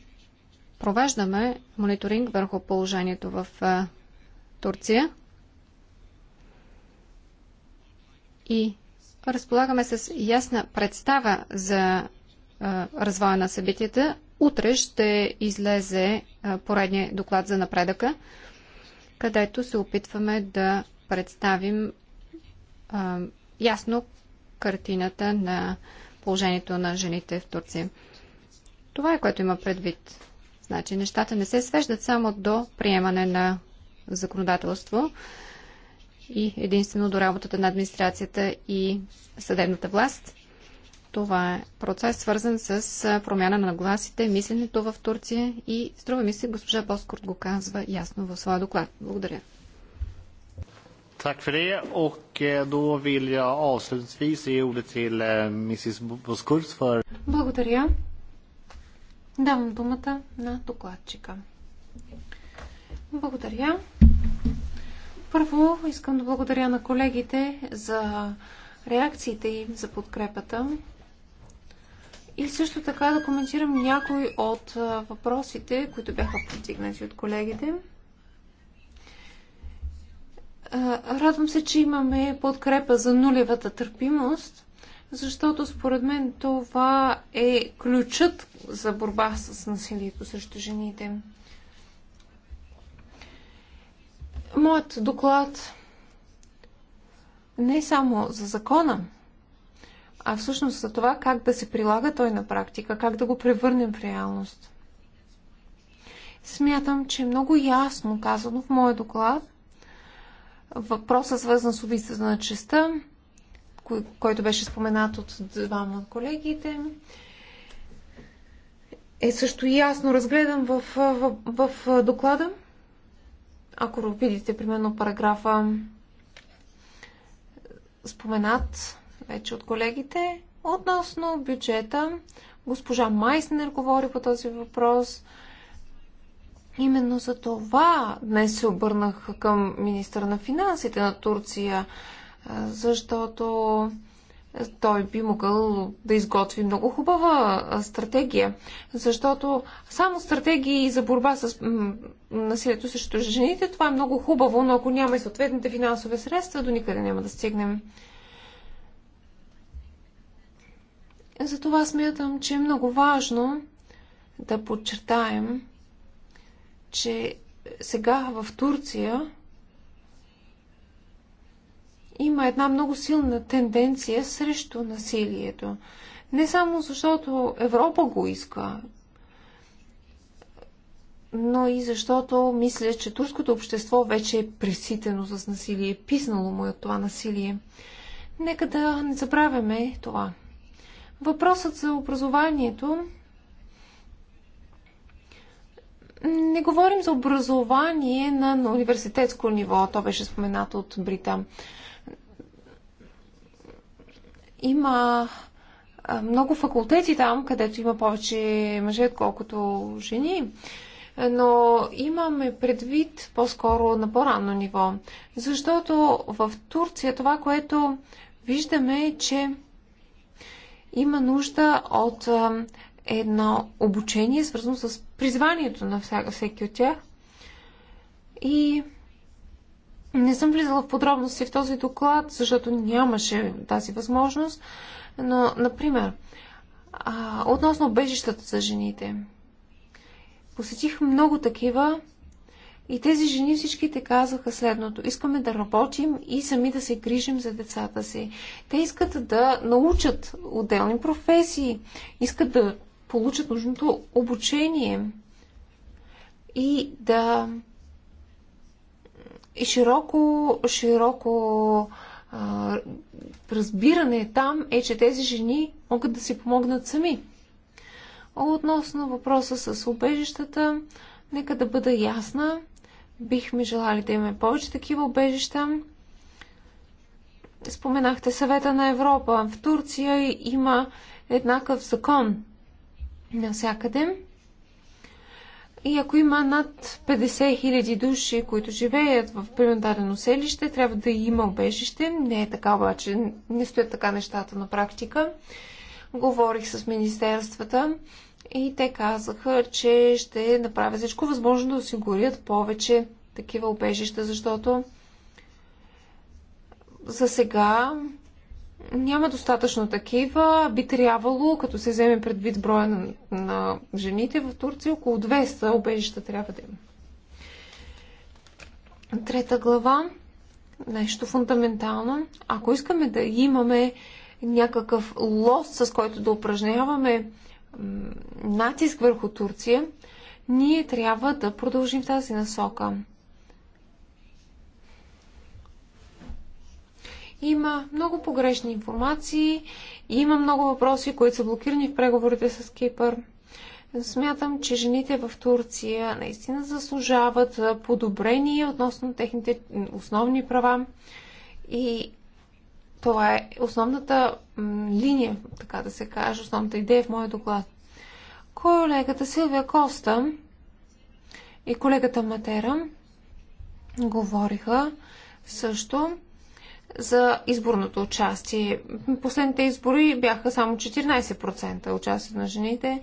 провеждаме мониторинг върху положението в Турция. и разполагаме с ясна представа за развоя на събитията. Утре ще излезе поредния доклад за напредъка, където се опитваме да представим а, ясно картината на положението на жените в Турция. Това е което има предвид. Значи нещата не се свеждат само до приемане на законодателство и единствено до работата на администрацията и съдебната власт. Това е процес, свързан с промяна на нагласите, мисленето в Турция и струва ми се, госпожа Боскорт го казва ясно в своя доклад. Благодаря. Tack för det. Och eh, då vill jag avslutningsvis ge ordet till eh, Mrs. Boskurs för... Благодаря. Давам думата на докладчика. Благодаря. Първо искам да благодаря на колегите за реакциите им, за подкрепата. И също така да коментирам някои от въпросите, които бяха повдигнати от колегите. Радвам се, че имаме подкрепа за нулевата търпимост, защото според мен това е ключът за борба с насилието срещу жените. Моят доклад не е само за закона, а всъщност за това как да се прилага той на практика, как да го превърнем в реалност. Смятам, че е много ясно казано в моя доклад въпроса, свързан с убийството на честа, който беше споменат от двама от колегите, е също ясно разгледан в, в, в доклада. Ако видите, примерно, параграфа споменат вече от колегите, относно бюджета, госпожа Майснер говори по този въпрос. Именно за това днес се обърнах към министър на финансите на Турция, защото той би могъл да изготви много хубава стратегия, защото само стратегии за борба с насилието срещу жените, това е много хубаво, но ако няма и съответните финансови средства, до никъде няма да стигнем. Затова смятам, че е много важно да подчертаем, че сега в Турция има една много силна тенденция срещу насилието. Не само защото Европа го иска, но и защото мисля, че турското общество вече е преситено с насилие, е писнало му е това насилие. Нека да не забравяме това. Въпросът за образованието. Не говорим за образование на, на университетско ниво, то беше споменато от Брита. Има много факултети там, където има повече мъже, отколкото жени. Но имаме предвид по-скоро на по-ранно ниво. Защото в Турция това, което виждаме е, че има нужда от едно обучение, свързано с призванието на всеки от тях. И не съм влизала в подробности в този доклад, защото нямаше тази възможност, но, например, а, относно бежищата за жените. Посетих много такива и тези жени всичките казаха следното. Искаме да работим и сами да се грижим за децата си. Те искат да научат отделни професии, искат да получат нужното обучение и да и широко, широко а, разбиране там е, че тези жени могат да си помогнат сами. Относно въпроса с убежищата, нека да бъда ясна. Бихме желали да имаме повече такива убежища. Споменахте съвета на Европа. В Турция има еднакъв закон навсякъде. И ако има над 50 000 души, които живеят в примендарено селище, трябва да има обежище. Не е така обаче, не стоят така нещата на практика. Говорих с министерствата и те казаха, че ще направят всичко възможно да осигурят повече такива обежища, защото за сега няма достатъчно такива. Би трябвало, като се вземе предвид броя на, на жените в Турция, около 200 обежища трябва да има. Трета глава. Нещо фундаментално. Ако искаме да имаме някакъв лост, с който да упражняваме натиск върху Турция, ние трябва да продължим в тази насока. Има много погрешни информации, има много въпроси, които са блокирани в преговорите с Кипър. Смятам, че жените в Турция наистина заслужават подобрение относно техните основни права и това е основната линия, така да се каже, основната идея в моя доклад. Колегата Силвия Коста и колегата Матера говориха също за изборното участие. Последните избори бяха само 14% участие на жените.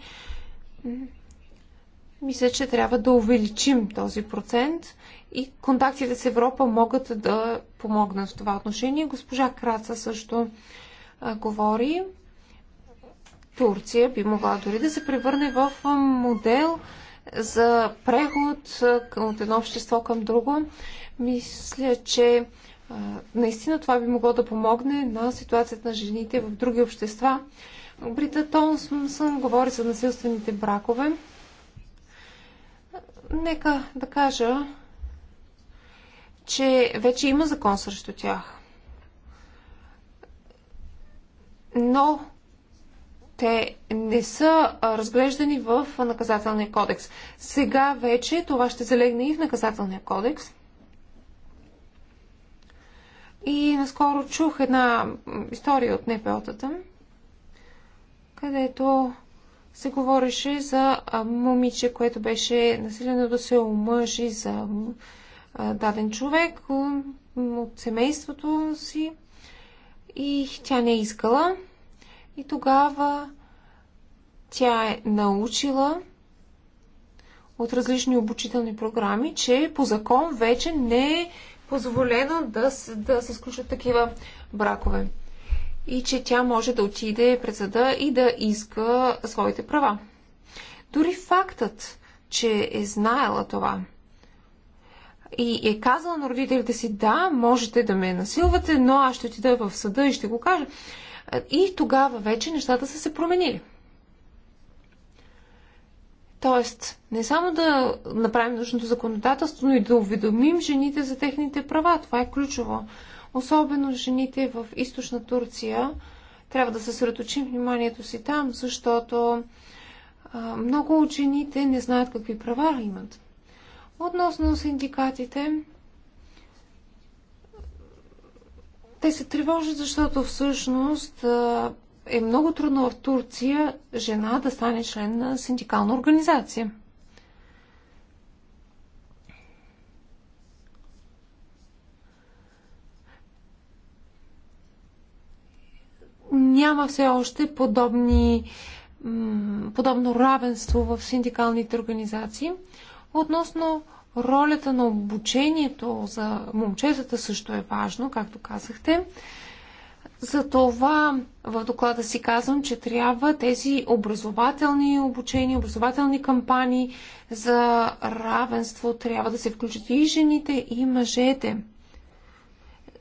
Мисля, че трябва да увеличим този процент и контактите с Европа могат да помогнат в това отношение. Госпожа Краца също а, говори. Турция би могла дори да се превърне в модел за преход от едно общество към друго. Мисля, че наистина това би могло да помогне на ситуацията на жените в други общества. Брита Тонсън говори за насилствените бракове. Нека да кажа, че вече има закон срещу тях. Но те не са разглеждани в наказателния кодекс. Сега вече това ще залегне и в наказателния кодекс – и наскоро чух една история от НПО-тата, където се говореше за момиче, което беше насилено да се омъжи за даден човек от семейството си и тя не е искала. И тогава тя е научила от различни обучителни програми, че по закон вече не е позволено да, да се сключат такива бракове. И че тя може да отиде пред съда и да иска своите права. Дори фактът, че е знаела това и е казала на родителите си, да, можете да ме насилвате, но аз ще отида в съда и ще го кажа. И тогава вече нещата са се променили. Тоест, не само да направим нужното законодателство, но и да уведомим жените за техните права. Това е ключово. Особено жените в източна Турция. Трябва да съсредоточим вниманието си там, защото а, много от жените не знаят какви права имат. Относно синдикатите, те се тревожат, защото всъщност е много трудно в Турция жена да стане член на синдикална организация. Няма все още подобни, подобно равенство в синдикалните организации. Относно ролята на обучението за момчетата също е важно, както казахте. Затова в доклада си казвам, че трябва тези образователни обучения, образователни кампании за равенство трябва да се включат и жените, и мъжете.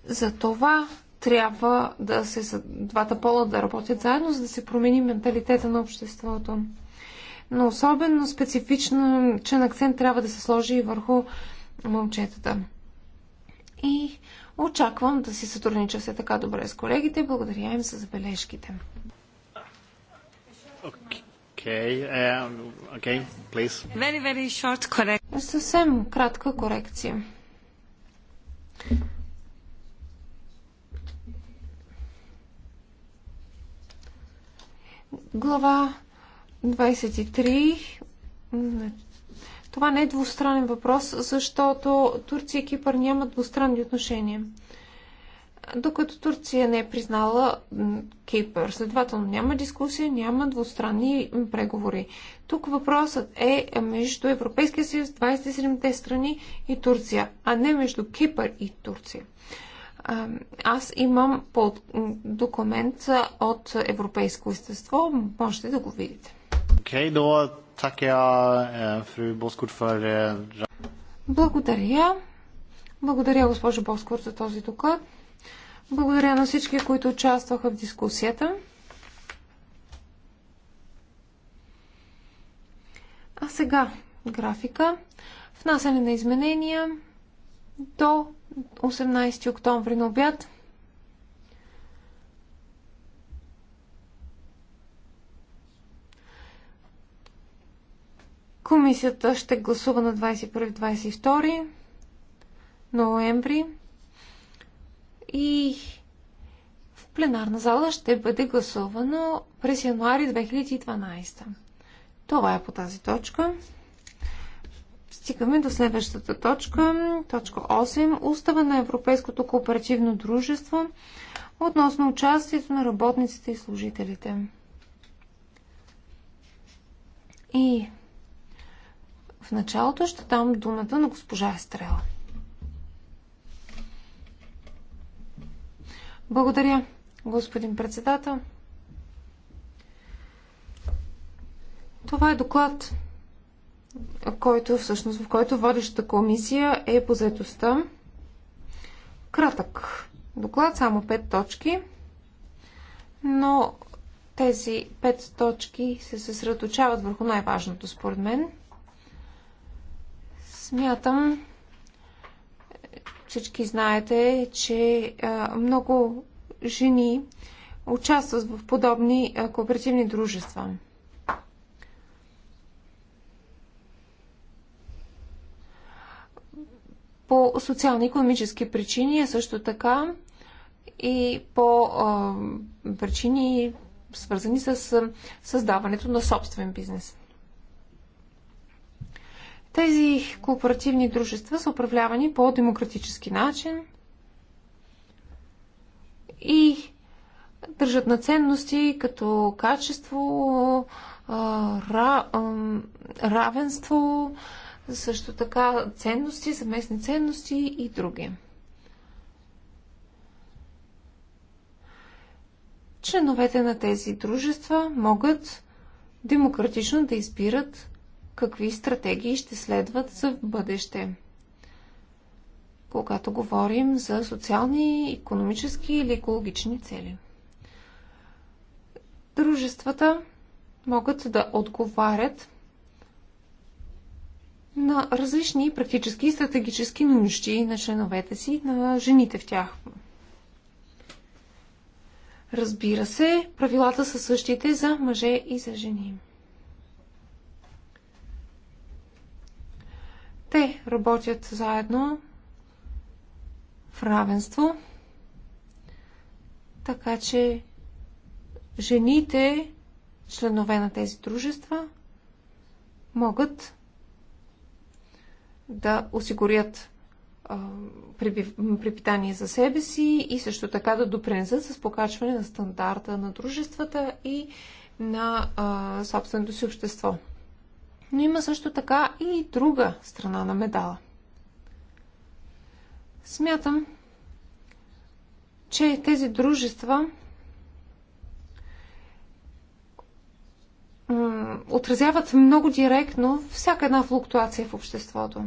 Затова трябва да се двата пола да работят заедно, за да се промени менталитета на обществото. Но особено специфичен акцент трябва да се сложи и върху момчетата. И Очаквам да си сътруднича се така добре с колегите. Благодаря им за забележките. Okay, uh, okay, please. Very, very short Съвсем кратка корекция. Глава 23 на. Това не е двустранен въпрос, защото Турция и Кипър нямат двустранни отношения. Докато Турция не е признала Кипър, следователно няма дискусия, няма двустранни преговори. Тук въпросът е между Европейския съюз, 27-те страни и Турция, а не между Кипър и Турция. Аз имам под документ от европейско естество, можете да го видите. Okay, Eh, eh, Благодаря. Благодаря, госпожо Боскор, за този доклад. Благодаря на всички, които участваха в дискусията. А сега графика. Внасяне на изменения до 18 октомври на обяд. Комисията ще гласува на 21-22 ноември и в пленарна зала ще бъде гласувано през януари 2012. Това е по тази точка. Стигаме до следващата точка, точка 8, Устава на Европейското кооперативно дружество относно участието на работниците и служителите. И в началото ще дам думата на госпожа Естрела. Благодаря, господин председател. Това е доклад, който всъщност, в който водещата комисия е по заедостта. Кратък доклад, само 5 точки, но тези 5 точки се съсредоточават върху най-важното според мен – Смятам, всички знаете, че много жени участват в подобни кооперативни дружества. По социално-економически причини, а също така и по причини свързани с създаването на собствен бизнес. Тези кооперативни дружества са управлявани по демократически начин и държат на ценности като качество, равенство, също така ценности, съместни ценности и други. Членовете на тези дружества могат демократично да избират какви стратегии ще следват за бъдеще. Когато говорим за социални, економически или екологични цели. Дружествата могат да отговарят на различни практически и стратегически нужди на членовете си, на жените в тях. Разбира се, правилата са същите за мъже и за жени. Те работят заедно в равенство, така че жените, членове на тези дружества, могат да осигурят препитание за себе си и също така да допринесат с покачване на стандарта на дружествата и на а, собственото си общество. Но има също така и друга страна на медала. Смятам, че тези дружества отразяват много директно всяка една флуктуация в обществото.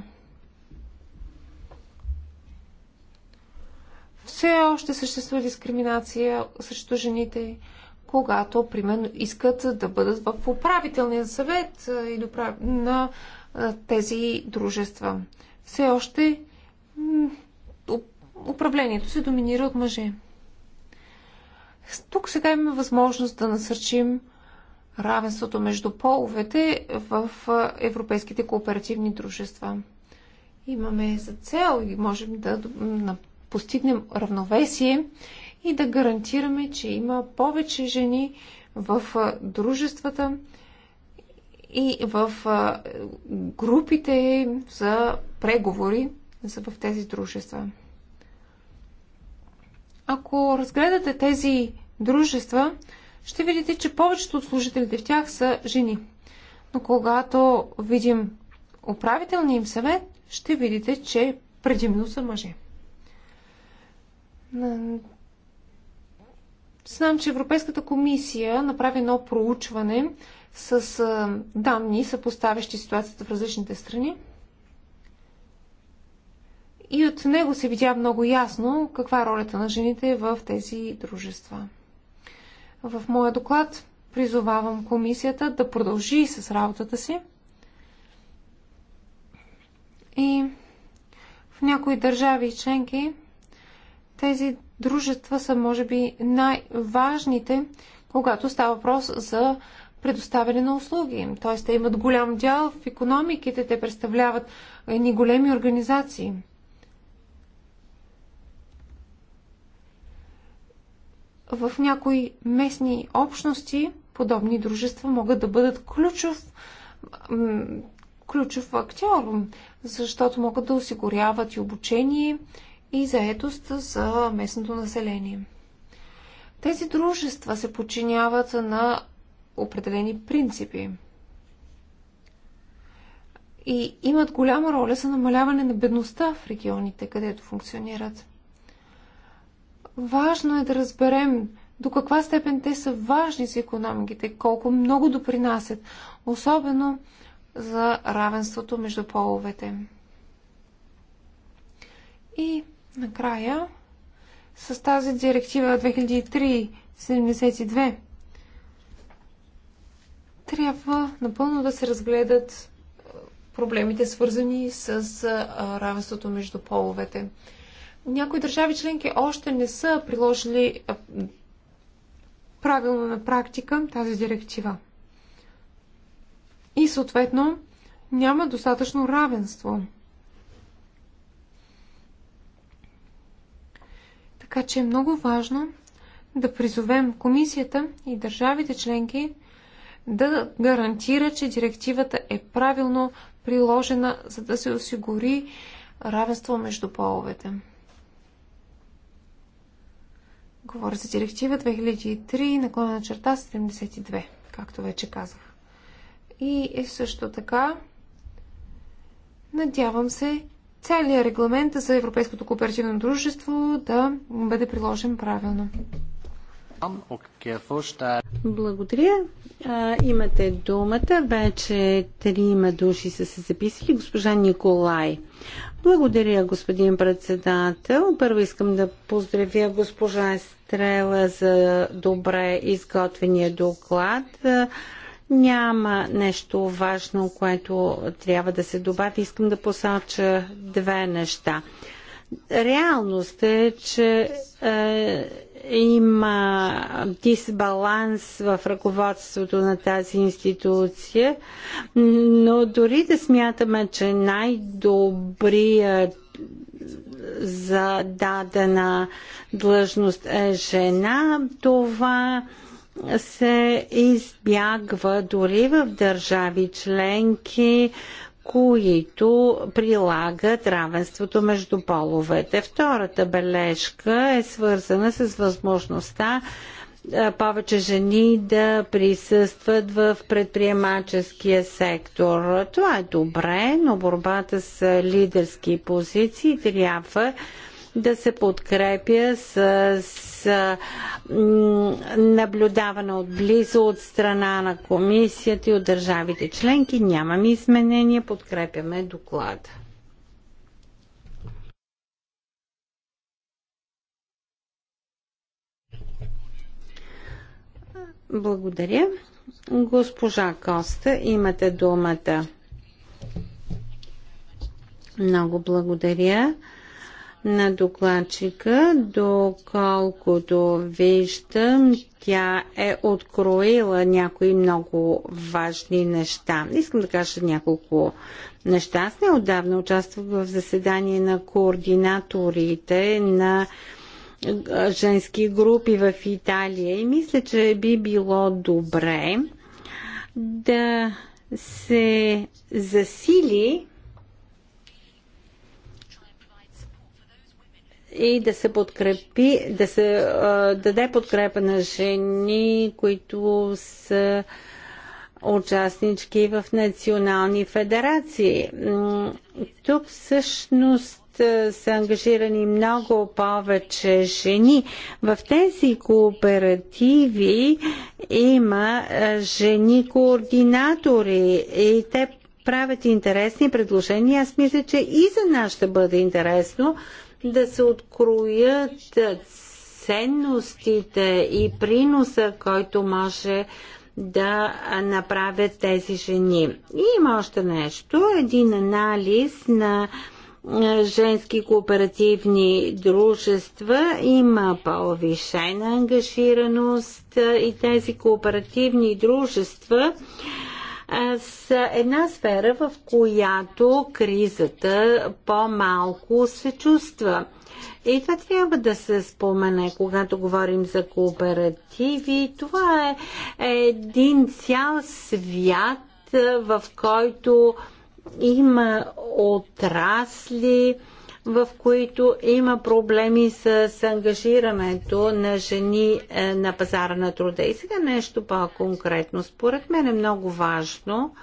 Все още съществува дискриминация срещу жените, когато, примерно, искат да бъдат в управителния съвет или на тези дружества. Все още управлението се доминира от мъже. Тук сега имаме възможност да насърчим равенството между половете в европейските кооперативни дружества. Имаме за цел и можем да постигнем равновесие и да гарантираме, че има повече жени в дружествата и в групите за преговори за в тези дружества. Ако разгледате тези дружества, ще видите, че повечето от служителите в тях са жени. Но когато видим управителния им съвет, ще видите, че предимно са мъже. Знам, че Европейската комисия направи едно проучване с данни, съпоставящи ситуацията в различните страни. И от него се видя много ясно каква е ролята на жените в тези дружества. В моя доклад призовавам комисията да продължи с работата си и в някои държави и членки тези дружества са, може би, най-важните, когато става въпрос за предоставяне на услуги. Т.е. те имат голям дял в економиките, те представляват едни големи организации. В някои местни общности подобни дружества могат да бъдат ключов, ключов актьор, защото могат да осигуряват и обучение, и заетост за местното население. Тези дружества се подчиняват на определени принципи и имат голяма роля за намаляване на бедността в регионите, където функционират. Важно е да разберем до каква степен те са важни за економиките, колко много допринасят, особено за равенството между половете. И накрая с тази директива 2003-72 трябва напълно да се разгледат е, проблемите, свързани с е, равенството между половете. Някои държави членки още не са приложили е, правилно на практика тази директива. И съответно няма достатъчно равенство. Така че е много важно да призовем комисията и държавите членки да гарантира, че директивата е правилно приложена, за да се осигури равенство между половете. Говоря за директива 2003 наклона на черта 72, както вече казах. И е също така, надявам се, целият регламент за Европейското кооперативно дружество да бъде приложен правилно. Благодаря. А, имате думата. Вече трима души са се записали. Госпожа Николай. Благодаря, господин председател. Първо искам да поздравя госпожа Стрела за добре изготвения доклад. Няма нещо важно, което трябва да се добави. Искам да посоча две неща. Реалност е, че е, има дисбаланс в ръководството на тази институция, но дори да смятаме, че най-добрият за дадена длъжност е жена, това е се избягва дори в държави членки, които прилагат равенството между половете. Втората бележка е свързана с възможността повече жени да присъстват в предприемаческия сектор. Това е добре, но борбата с лидерски позиции трябва да се подкрепя с, с наблюдаване отблизо от страна на комисията и от държавите членки. Нямаме изменения, подкрепяме доклада. Благодаря. Госпожа Коста, имате думата. Много благодаря на докладчика. Доколкото виждам, тя е откроила някои много важни неща. Искам да кажа няколко неща. Аз неодавна участвах в заседание на координаторите на женски групи в Италия и мисля, че би било добре да се засили и да се подкрепи, да се а, даде подкрепа на жени, които са участнички в национални федерации. Тук всъщност са ангажирани много повече жени. В тези кооперативи има жени координатори и те правят интересни предложения. Аз мисля, че и за нас ще бъде интересно да се откроят ценностите и приноса, който може да направят тези жени. И има още нещо, един анализ на женски кооперативни дружества има повишена ангажираност и тези кооперативни дружества са една сфера, в която кризата по-малко се чувства. И това трябва да се спомене, когато говорим за кооперативи. Това е един цял свят, в който има отрасли, в които има проблеми с ангажирането на жени е, на пазара на труда. И сега нещо по-конкретно. Според мен е много важно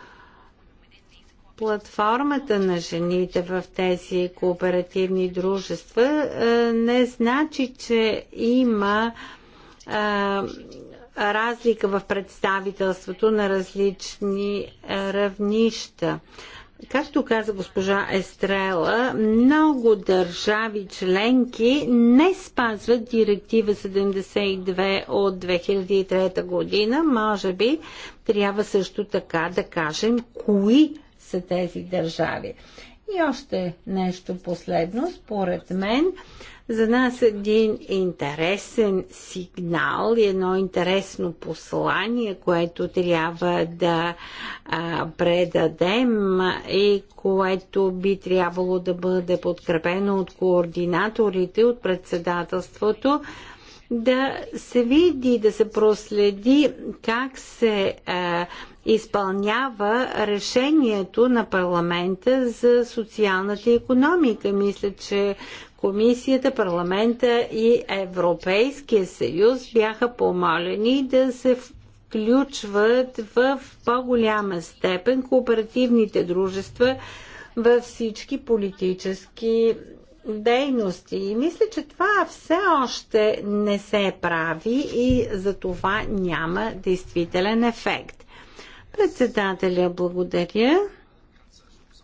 платформата на жените в тези кооперативни дружества е, не значи, че има е, разлика в представителството на различни равнища. Както каза госпожа Естрела, много държави членки не спазват директива 72 от 2003 година. Може би трябва също така да кажем кои са тези държави. И още нещо последно, според мен, за нас един интересен сигнал и едно интересно послание, което трябва да а, предадем и което би трябвало да бъде подкрепено от координаторите, от председателството да се види, да се проследи как се а, изпълнява решението на парламента за социалната економика. Мисля, че Комисията, парламента и Европейския съюз бяха помолени да се включват в по-голяма степен кооперативните дружества във всички политически дейности. И мисля, че това все още не се прави и за това няма действителен ефект. Председателя, благодаря.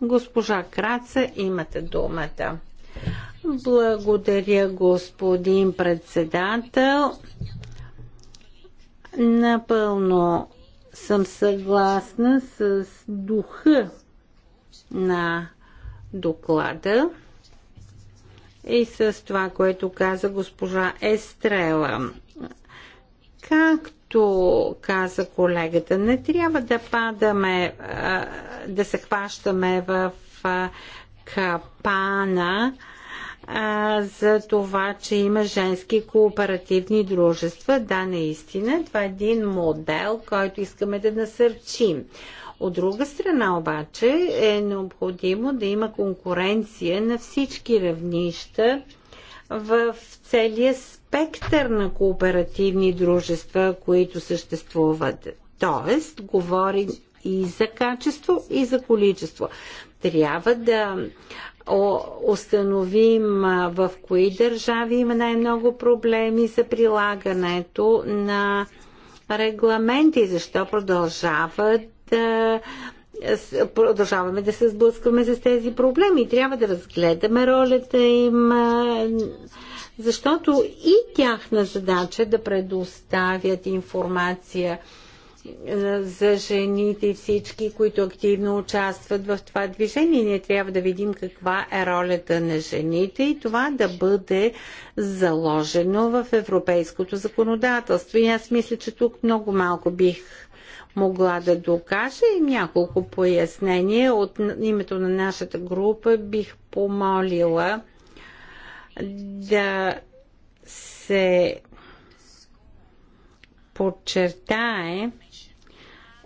Госпожа Краца, имате думата. Благодаря, господин председател. Напълно съм съгласна с духа на доклада и с това, което каза госпожа Естрела. Както каза колегата, не трябва да падаме, да се хващаме в капана а, за това, че има женски кооперативни дружества. Да, наистина, това е един модел, който искаме да насърчим. От друга страна обаче е необходимо да има конкуренция на всички равнища в целия спектър на кооперативни дружества, които съществуват. Тоест, говорим и за качество, и за количество. Трябва да установим в кои държави има най-много проблеми за прилагането на регламенти, защо продължават да продължаваме да се сблъскваме с тези проблеми. Трябва да разгледаме ролята им, защото и тяхна задача е да предоставят информация е, за жените и всички, които активно участват в това движение. Ние трябва да видим каква е ролята на жените и това да бъде заложено в европейското законодателство. И аз мисля, че тук много малко бих могла да докажа и няколко пояснения от името на нашата група бих помолила да се подчертае,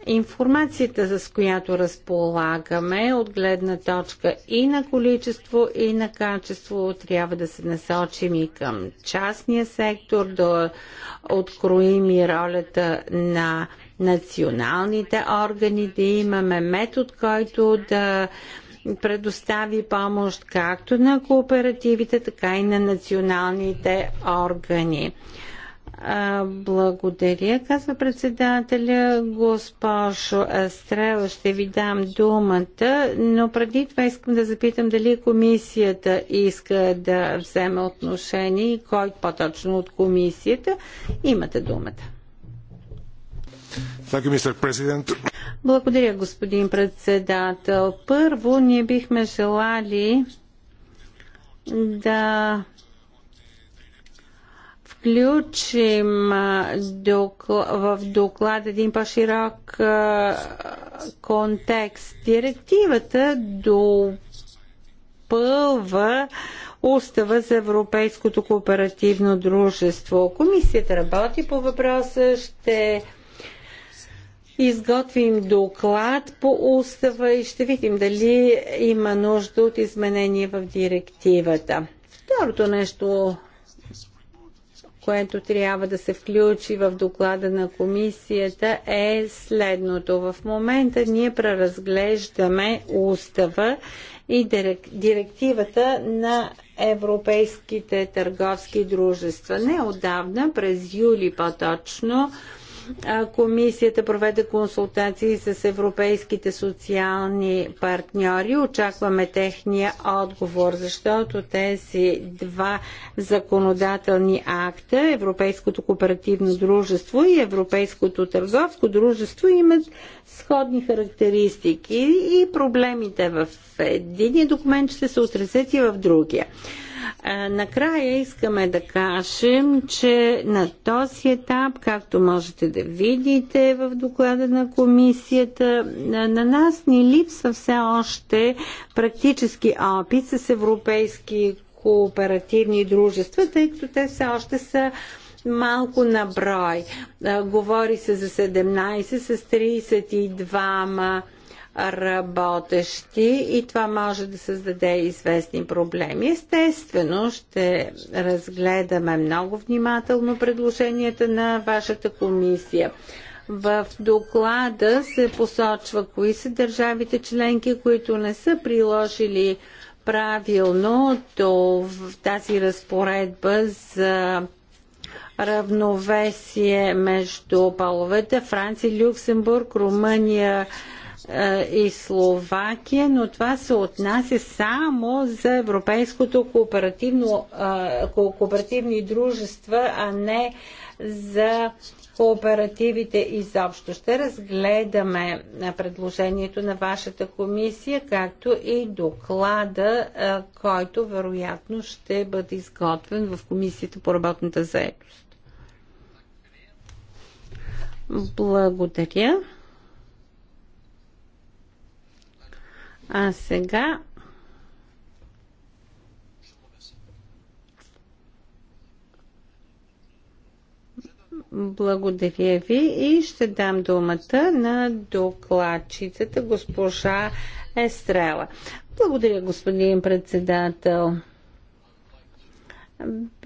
информацията, с която разполагаме от гледна точка и на количество, и на качество, трябва да се насочим и към частния сектор, да откроим и ролята на националните органи, да имаме метод, който да предостави помощ както на кооперативите, така и на националните органи. А, благодаря, казва председателя. Госпожо Астрела, ще ви дам думата, но преди това искам да запитам дали комисията иска да вземе отношение и кой по-точно от комисията. Имате думата. You, благодаря, господин председател. Първо, ние бихме желали да включим в доклад един по-широк контекст. Директивата допълва Устава за Европейското кооперативно дружество. Комисията работи по въпроса, ще изготвим доклад по устава и ще видим дали има нужда от изменение в директивата. Второто нещо, което трябва да се включи в доклада на комисията е следното. В момента ние преразглеждаме устава и директивата на европейските търговски дружества. Неодавна, през юли по-точно, Комисията проведе консултации с европейските социални партньори. Очакваме техния отговор, защото тези два законодателни акта, Европейското кооперативно дружество и Европейското търговско дружество, имат сходни характеристики и проблемите в единия документ ще се отразят и в другия. Накрая искаме да кажем, че на този етап, както можете да видите в доклада на комисията, на нас ни липсва все още практически опит с европейски кооперативни дружества, тъй като те все още са малко на брой. Говори се за 17 с 32 работещи и това може да създаде известни проблеми. Естествено, ще разгледаме много внимателно предложенията на вашата комисия. В доклада се посочва кои са държавите членки, които не са приложили правилно то в тази разпоредба за равновесие между половете Франция, Люксембург, Румъния, е, и Словакия, но това се отнася само за европейското кооперативно, е, кооперативни дружества, а не за кооперативите изобщо. Ще разгледаме е, предложението на вашата комисия, както и доклада, който вероятно ще бъде изготвен в комисията по работната заедост. Благодаря. А сега Благодаря ви и ще дам думата на докладчицата госпожа Естрела. Благодаря, господин председател.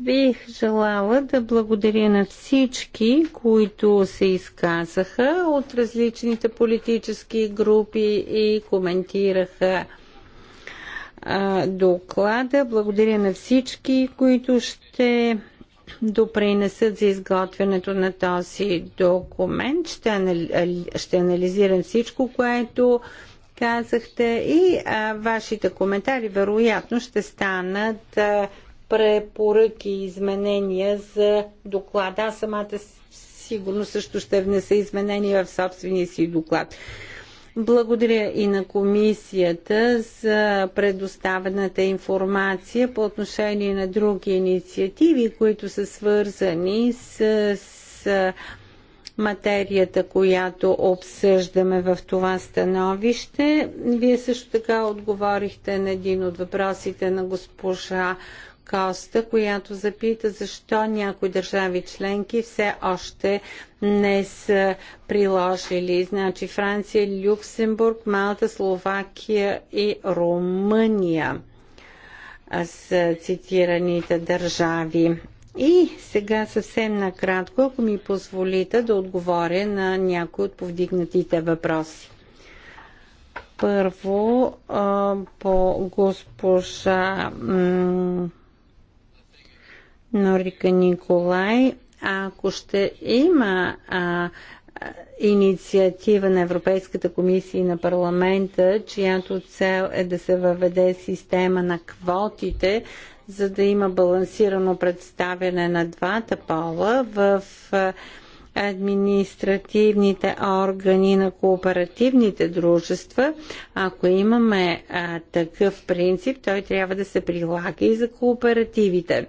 Бих желала да благодаря на всички, които се изказаха от различните политически групи и коментираха а, доклада. Благодаря на всички, които ще допринесат за изготвянето на този документ. Ще, анали... ще анализирам всичко, което казахте и а, вашите коментари вероятно ще станат. А, препоръки и изменения за доклада. Аз самата сигурно също ще внеса изменения в собствения си доклад. Благодаря и на комисията за предоставената информация по отношение на други инициативи, които са свързани с, с материята, която обсъждаме в това становище. Вие също така отговорихте на един от въпросите на госпожа Коста, която запита защо някои държави членки все още не са приложили. Значи Франция, Люксембург, Малта, Словакия и Румъния с цитираните държави. И сега съвсем накратко, ако ми позволите да отговоря на някои от повдигнатите въпроси. Първо по госпожа Норика Николай, ако ще има а, инициатива на Европейската комисия и на парламента, чиято цел е да се въведе система на квотите, за да има балансирано представяне на двата пола в административните органи на кооперативните дружества. Ако имаме а, такъв принцип, той трябва да се прилага и за кооперативите.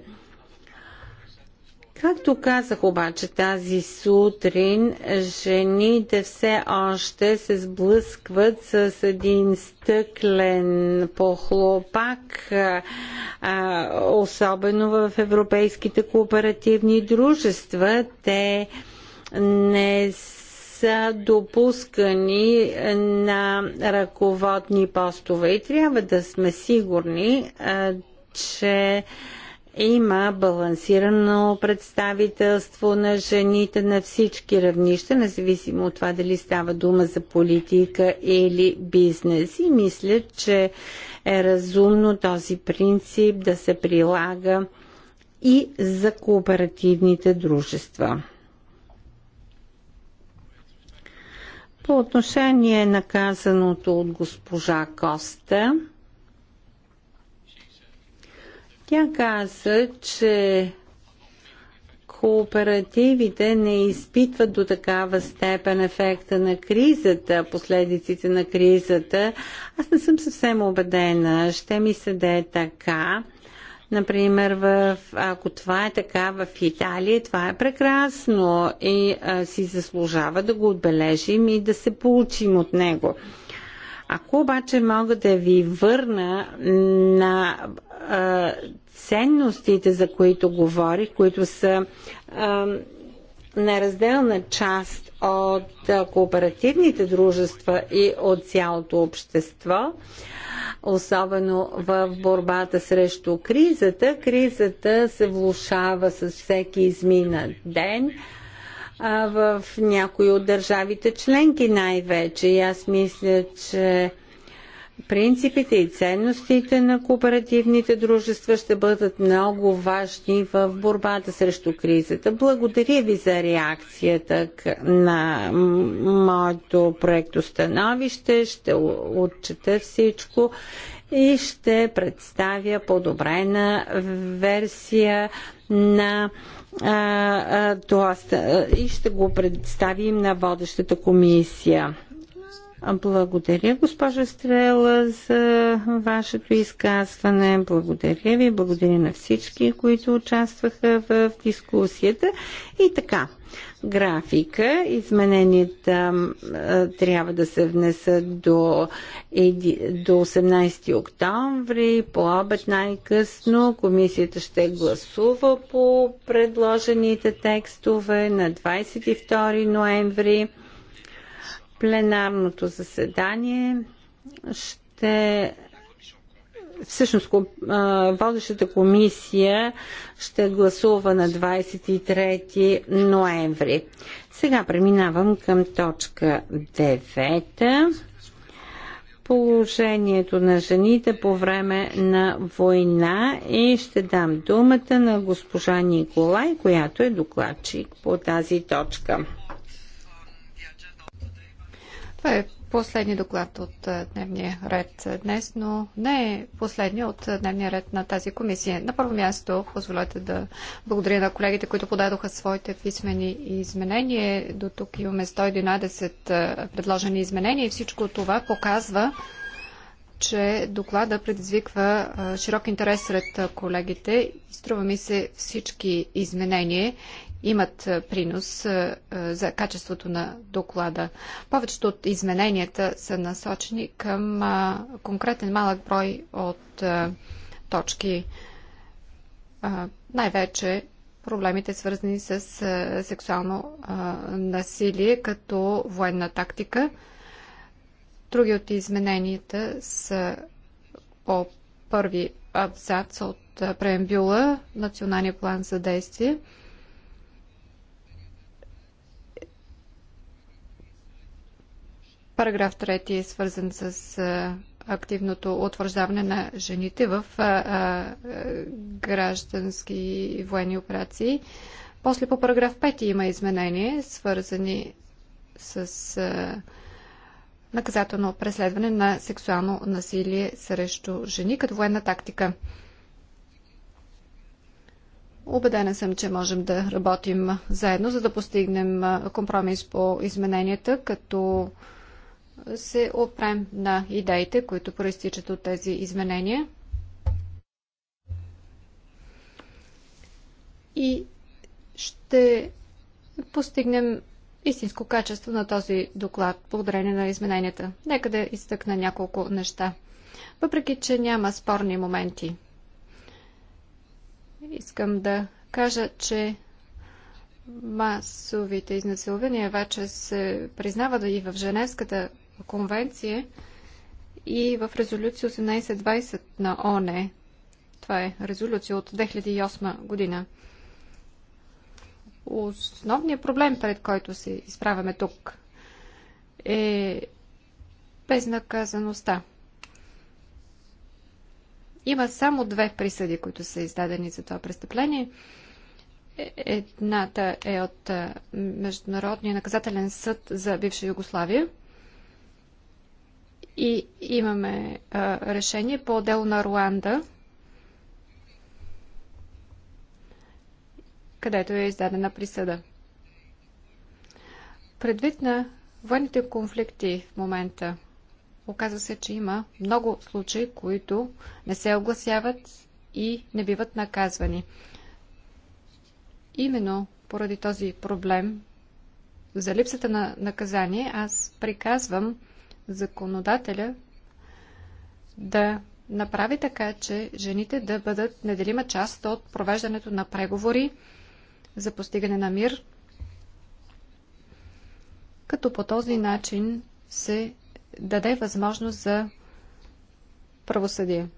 Както казах обаче тази сутрин, жените все още се сблъскват с един стъклен похлопак, особено в европейските кооперативни дружества. Те не са допускани на ръководни постове и трябва да сме сигурни, че има балансирано представителство на жените на всички равнища, независимо от това дали става дума за политика или бизнес. И мисля, че е разумно този принцип да се прилага и за кооперативните дружества. По отношение на казаното от госпожа Коста, тя каза, че кооперативите не изпитват до такава степен ефекта на кризата, последиците на кризата. Аз не съм съвсем убедена. Ще ми се да е така. Например, в, ако това е така в Италия, това е прекрасно и а, си заслужава да го отбележим и да се получим от него. Ако обаче мога да ви върна на а, ценностите, за които говорих, които са а, неразделна част от кооперативните дружества и от цялото общество, особено в борбата срещу кризата. Кризата се влушава с всеки изминат ден в някои от държавите членки най-вече. И аз мисля, че принципите и ценностите на кооперативните дружества ще бъдат много важни в борбата срещу кризата. Благодаря ви за реакцията на моето проекто становище. Ще отчета всичко и ще представя подобрена версия на това и ще го представим на водещата комисия. Благодаря, госпожа Стрела, за вашето изказване. Благодаря ви. Благодаря на всички, които участваха в дискусията. И така, графика. Измененията трябва да се внесат до, до 18 октомври, по обед най-късно. Комисията ще гласува по предложените текстове на 22 ноември. Пленарното заседание ще всъщност водещата комисия ще гласува на 23 ноември. Сега преминавам към точка 9. Положението на жените по време на война и ще дам думата на госпожа Николай, която е докладчик по тази точка. Това е последния доклад от дневния ред днес, но не е последния от дневния ред на тази комисия. На първо място, позволете да благодаря на колегите, които подадоха своите писмени изменения. До тук имаме 111 предложени изменения и всичко това показва, че доклада предизвиква широк интерес сред колегите. Струва ми се всички изменения имат принос за качеството на доклада. Повечето от измененията са насочени към конкретен малък брой от точки. Най-вече проблемите свързани с сексуално насилие като военна тактика. Други от измененията са по първи абзац от преембюла Националния план за действие – Параграф 3 е свързан с активното утвърждаване на жените в граждански и военни операции. После по параграф 5 има изменения, свързани с наказателно преследване на сексуално насилие срещу жени като военна тактика. Обедена съм, че можем да работим заедно, за да постигнем компромис по измененията, като се опрем на идеите, които проистичат от тези изменения. И ще постигнем истинско качество на този доклад, благодарение на измененията. Нека да изтъкна няколко неща. Въпреки, че няма спорни моменти, искам да кажа, че масовите изнасилвания вече се признават и в Женевската конвенция и в резолюция 1820 на ОНЕ. Това е резолюция от 2008 година. Основният проблем, пред който се изправяме тук, е безнаказаността. Има само две присъди, които са издадени за това престъпление. Е, едната е от Международния наказателен съд за бивша Югославия – и имаме а, решение по дело на Руанда, където е издадена присъда. Предвид на военните конфликти в момента, оказва се, че има много случаи, които не се огласяват и не биват наказвани. Именно поради този проблем за липсата на наказание аз приказвам законодателя да направи така, че жените да бъдат неделима част от провеждането на преговори за постигане на мир, като по този начин се даде възможност за правосъдие.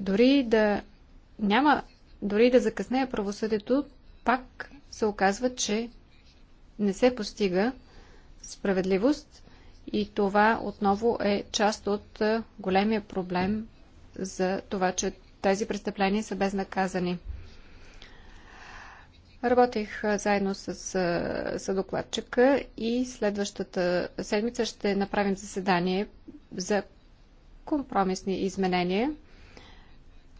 Дори да няма, дори да закъснее правосъдието, пак се оказва, че не се постига справедливост и това отново е част от големия проблем за това, че тези престъпления са безнаказани. Работех заедно с съдокладчика и следващата седмица ще направим заседание за компромисни изменения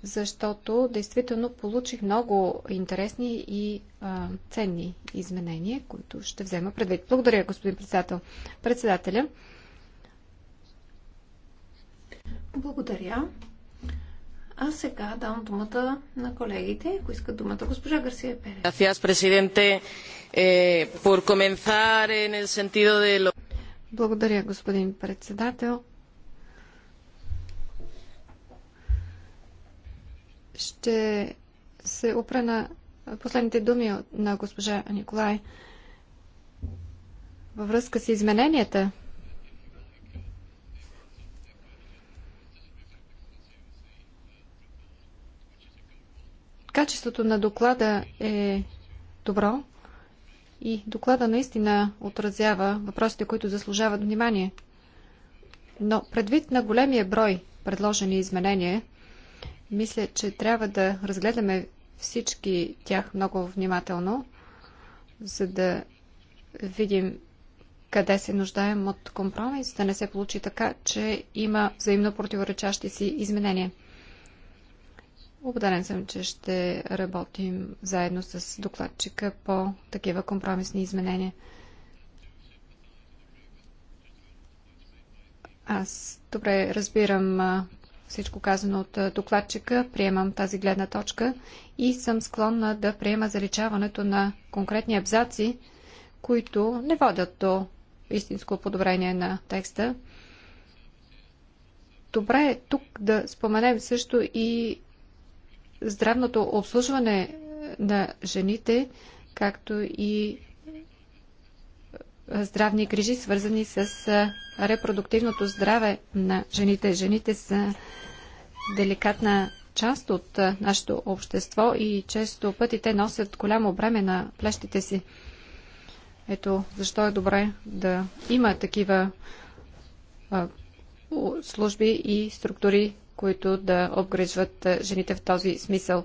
защото действително получих много интересни и а, ценни изменения, които ще взема предвид. Благодаря, господин председател. Председателя. Благодаря. А сега давам думата на колегите, ако искат думата. Госпожа Гарсия Перес. Gracias, presidente, eh, por comenzar en el sentido de Благодаря, господин председател. ще се опра на последните думи на госпожа Николай във връзка с измененията. Качеството на доклада е добро и доклада наистина отразява въпросите, които заслужават внимание. Но предвид на големия брой предложени изменения, мисля, че трябва да разгледаме всички тях много внимателно, за да видим къде се нуждаем от компромис, да не се получи така, че има взаимно противоречащи си изменения. Обдарен съм, че ще работим заедно с докладчика по такива компромисни изменения. Аз добре разбирам всичко казано от докладчика, приемам тази гледна точка и съм склонна да приема заличаването на конкретни абзаци, които не водят до истинско подобрение на текста. Добре е тук да споменем също и здравното обслужване на жените, както и здравни грижи, свързани с репродуктивното здраве на жените. Жените са деликатна част от нашето общество и често пъти те носят голямо бреме на плещите си. Ето защо е добре да има такива служби и структури, които да обгрежват жените в този смисъл.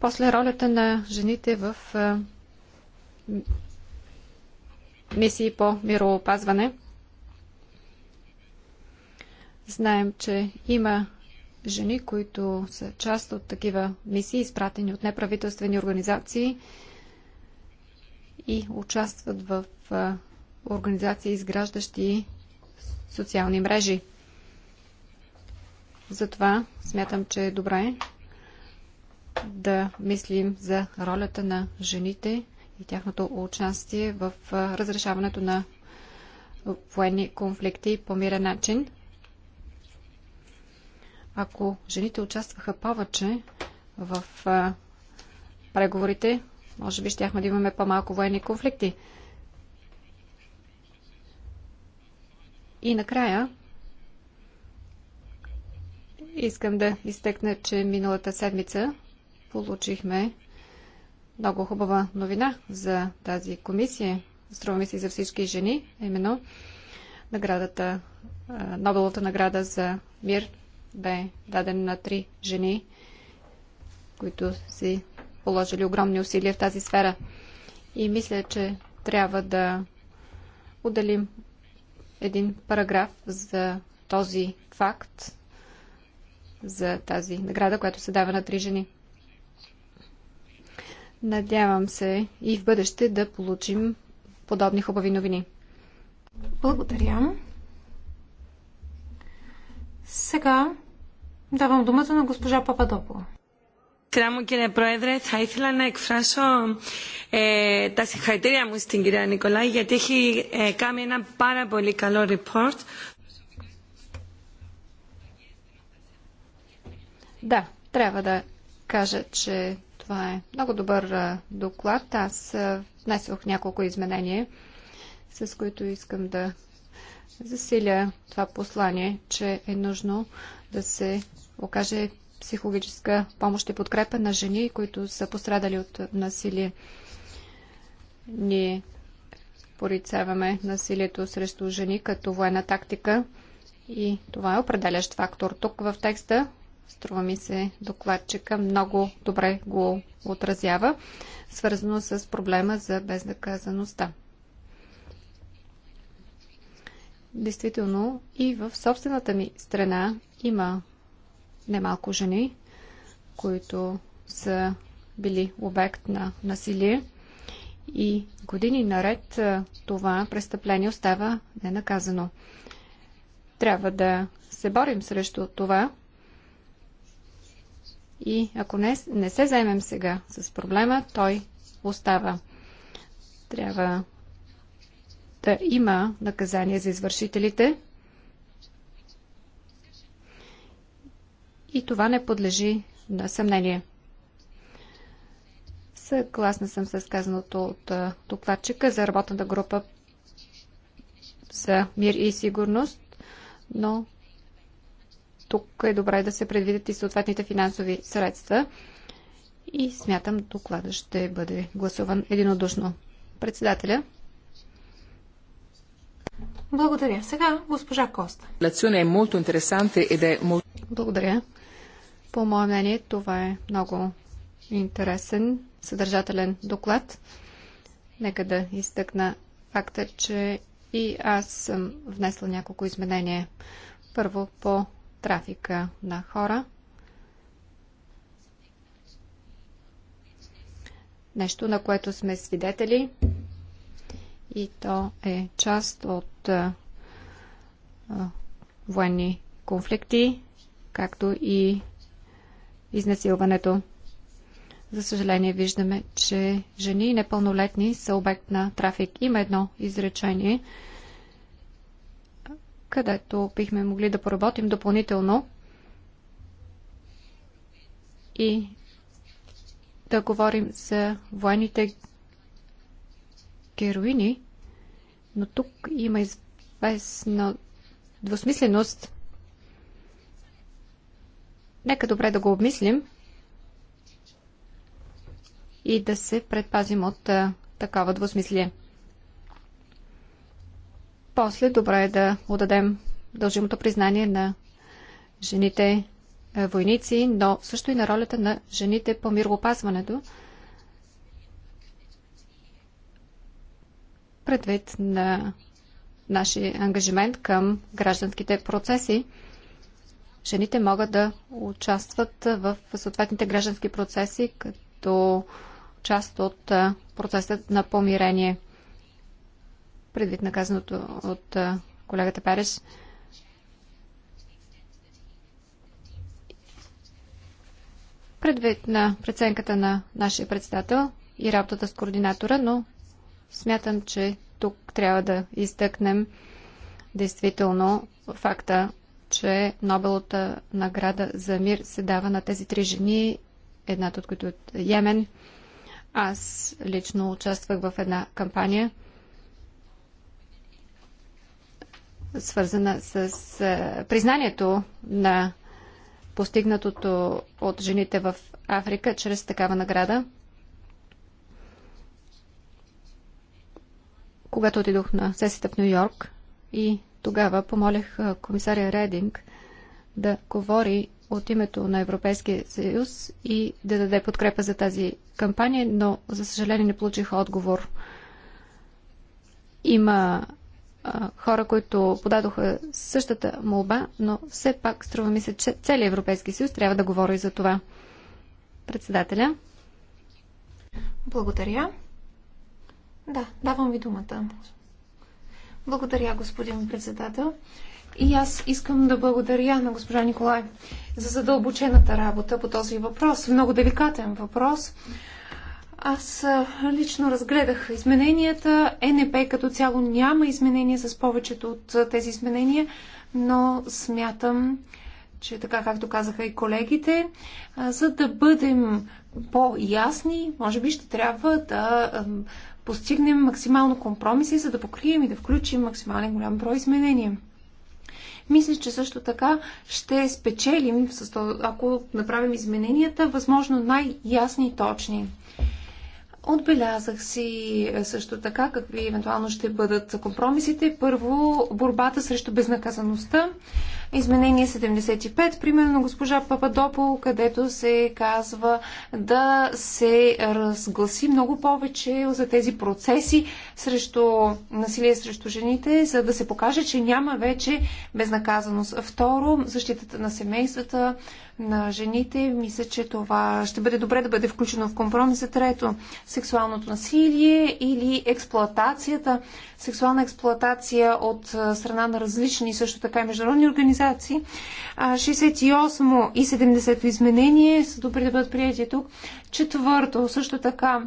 После ролята на жените в мисии по мироопазване. Знаем, че има жени, които са част от такива мисии, изпратени от неправителствени организации и участват в организации, изграждащи социални мрежи. Затова смятам, че е добре да мислим за ролята на жените и тяхното участие в разрешаването на военни конфликти по мирен начин. Ако жените участваха повече в преговорите, може би щяхме да имаме по-малко военни конфликти. И накрая искам да изтъкна, че миналата седмица получихме много хубава новина за тази комисия. Струва ми се и за всички жени, именно наградата, Нобеловата награда за мир бе дадена на три жени, които си положили огромни усилия в тази сфера. И мисля, че трябва да отделим един параграф за този факт, за тази награда, която се дава на три жени. Надявам се и в бъдеще да получим подобни хубави новини. Благодаря. Сега давам думата на госпожа Пападопо. Κράμο κύριε Πρόεδρε, θα ήθελα να εκφράσω ε, τα συγχαρητήρια μου στην κυρία Νικολάη γιατί έχει ε, κάνει Да, трябва да кажа, че това е много добър доклад. Аз внесох няколко изменения, с които искам да засиля това послание, че е нужно да се окаже психологическа помощ и подкрепа на жени, които са пострадали от насилие. Ние порицаваме насилието срещу жени като военна тактика и това е определящ фактор. Тук в текста Струва ми се докладчика много добре го отразява, свързано с проблема за безнаказаността. Действително и в собствената ми страна има немалко жени, които са били обект на насилие и години наред това престъпление остава ненаказано. Трябва да се борим срещу това и ако не, не се займем сега с проблема, той остава. Трябва да има наказание за извършителите. И това не подлежи на съмнение. Съгласна съм с казаното от докладчика за работната група за мир и сигурност, но тук е добре да се предвидят и съответните финансови средства. И смятам, доклада ще бъде гласуван единодушно. Председателя. Благодаря. Сега госпожа Коста. Лационе е много интересанте и да е... Благодаря. По мое мнение, това е много интересен, съдържателен доклад. Нека да изтъкна факта, че и аз съм внесла няколко изменения. Първо по трафика на хора. Нещо, на което сме свидетели и то е част от а, а, военни конфликти, както и изнасилването. За съжаление виждаме, че жени и непълнолетни са обект на трафик. Има едно изречение, където бихме могли да поработим допълнително и да говорим за военните героини, но тук има известна двусмисленост. Нека добре да го обмислим и да се предпазим от а, такава двусмислие. После добре е да отдадем дължимото признание на жените е, войници, но също и на ролята на жените по миропазването. Предвид на нашия ангажимент към гражданските процеси, жените могат да участват в съответните граждански процеси като част от процеса на помирение предвид наказаното от колегата Парес. Предвид на преценката на нашия председател и работата с координатора, но смятам, че тук трябва да изтъкнем действително факта, че Нобелата награда за мир се дава на тези три жени, едната от които е от Йемен. Аз лично участвах в една кампания – свързана с е, признанието на постигнатото от жените в Африка чрез такава награда. Когато отидох на сесията в Нью Йорк и тогава помолих е, комисаря Рединг да говори от името на Европейския съюз и да даде подкрепа за тази кампания, но за съжаление не получих отговор. Има хора, които подадоха същата молба, но все пак струва ми се, че целият Европейски съюз трябва да говори за това. Председателя. Благодаря. Да, давам ви думата. Благодаря, господин председател. И аз искам да благодаря на госпожа Николай за задълбочената работа по този въпрос. Много деликатен въпрос. Аз лично разгледах измененията. НП като цяло няма изменения с повечето от тези изменения, но смятам, че така както казаха и колегите, за да бъдем по-ясни, може би ще трябва да постигнем максимално компромиси, за да покрием и да включим максимален голям брой изменения. Мисля, че също така ще спечелим, ако направим измененията, възможно най-ясни и точни. Отбелязах си е, също така какви евентуално ще бъдат компромисите. Първо, борбата срещу безнаказаността изменение 75, примерно госпожа Пападопол, където се казва да се разгласи много повече за тези процеси срещу насилие срещу жените, за да се покаже, че няма вече безнаказаност. Второ, защитата на семействата, на жените. Мисля, че това ще бъде добре да бъде включено в компромиса. Трето, сексуалното насилие или експлоатацията, сексуална експлоатация от страна на различни също така и международни организации организации. 68 и 70 изменение са добри да бъдат прияти тук. Четвърто, също така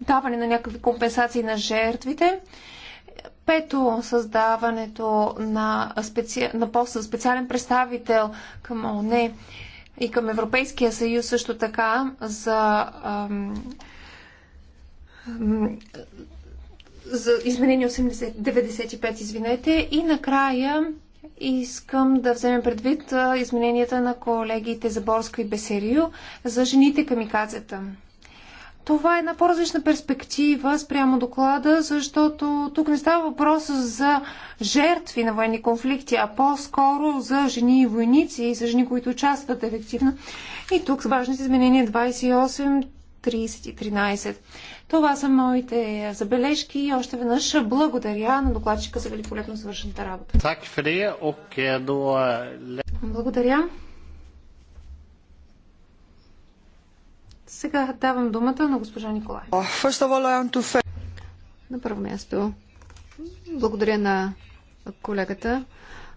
даване на някакви компенсации на жертвите. Пето, създаването на, специ... на пост специален представител към ОНЕ и към Европейския съюз също така за ам, за изменение 80, 95, извинете. И накрая искам да вземем предвид измененията на колегите за Борско и Бесерио за жените камикадзета. Това е една по-различна перспектива спрямо доклада, защото тук не става въпрос за жертви на военни конфликти, а по-скоро за жени и войници и за жени, които участват ефективно. И тук с важните изменения 28, 30 и 13. Това са моите е, забележки и още веднъж благодаря на докладчика за великолепно свършената работа. Благодаря. Сега давам думата на госпожа Николай. На първо място, благодаря на колегата.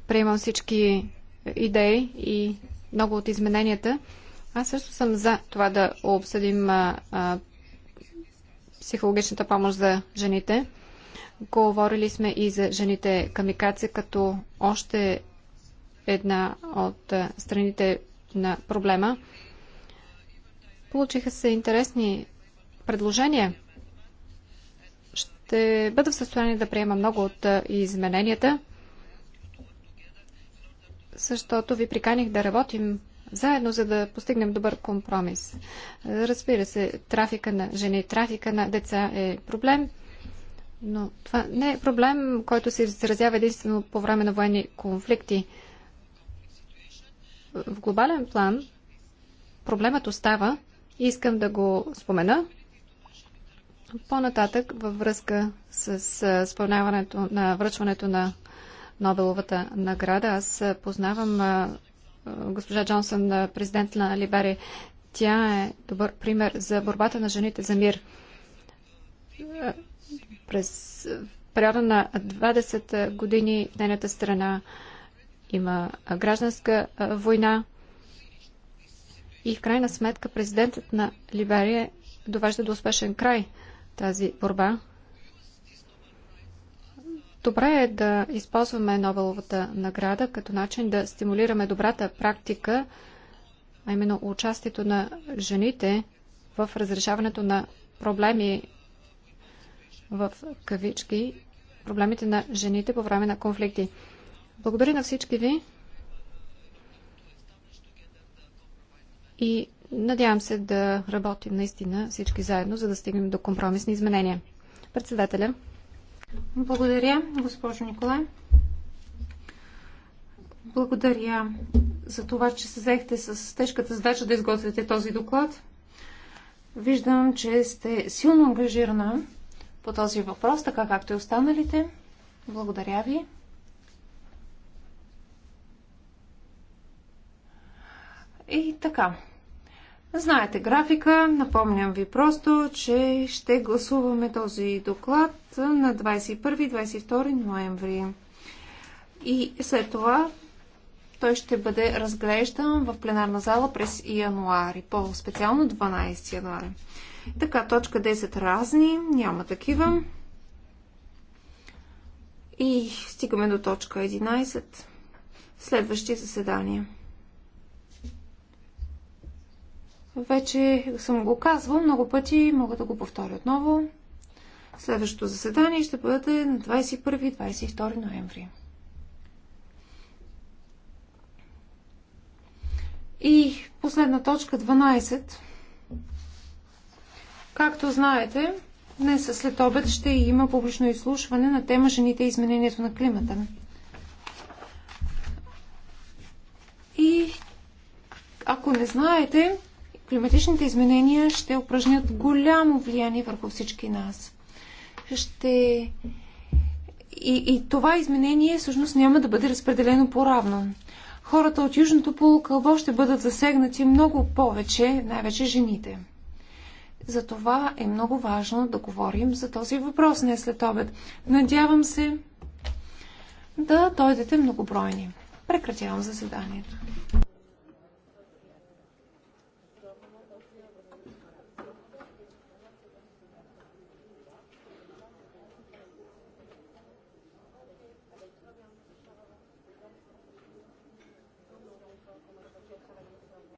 Приемам всички идеи и много от измененията. Аз също съм за това да обсъдим психологичната помощ за жените. Говорили сме и за жените камикаци като още една от страните на проблема. Получиха се интересни предложения. Ще бъда в състояние да приема много от измененията, защото ви приканих да работим заедно, за да постигнем добър компромис. Разбира се, трафика на жени, трафика на деца е проблем, но това не е проблем, който се изразява единствено по време на военни конфликти. В глобален план проблемът остава и искам да го спомена. По-нататък, във връзка с спълняването на връчването на Нобеловата награда, аз познавам госпожа Джонсън, президент на Либери. Тя е добър пример за борбата на жените за мир. През периода на 20 години в нейната страна има гражданска война и в крайна сметка президентът на Либерия довежда до успешен край тази борба Добре е да използваме Нобеловата награда като начин да стимулираме добрата практика, а именно участието на жените в разрешаването на проблеми в кавички, проблемите на жените по време на конфликти. Благодаря на всички ви и надявам се да работим наистина всички заедно, за да стигнем до компромисни изменения. Председателя. Благодаря, госпожо Николай. Благодаря за това, че се взехте с тежката задача да изготвите този доклад. Виждам, че сте силно ангажирана по този въпрос, така както и останалите. Благодаря ви. И така. Знаете графика. Напомням ви просто, че ще гласуваме този доклад на 21-22 ноември. И след това той ще бъде разглеждан в пленарна зала през януари, по-специално 12 януари. Така, точка 10 разни, няма такива. И стигаме до точка 11. Следващи заседания. Вече съм го казвал много пъти, мога да го повторя отново. Следващото заседание ще бъде на 21-22 ноември. И последна точка 12. Както знаете, днес след обед ще има публично изслушване на тема Жените и изменението на климата. И ако не знаете, климатичните изменения ще упражнят голямо влияние върху всички нас. Ще... И, и това изменение всъщност няма да бъде разпределено по-равно. Хората от Южното полукълбо ще бъдат засегнати много повече, най-вече жените. Затова е много важно да говорим за този въпрос не след обед. Надявам се да дойдете многобройни. Прекратявам заседанието.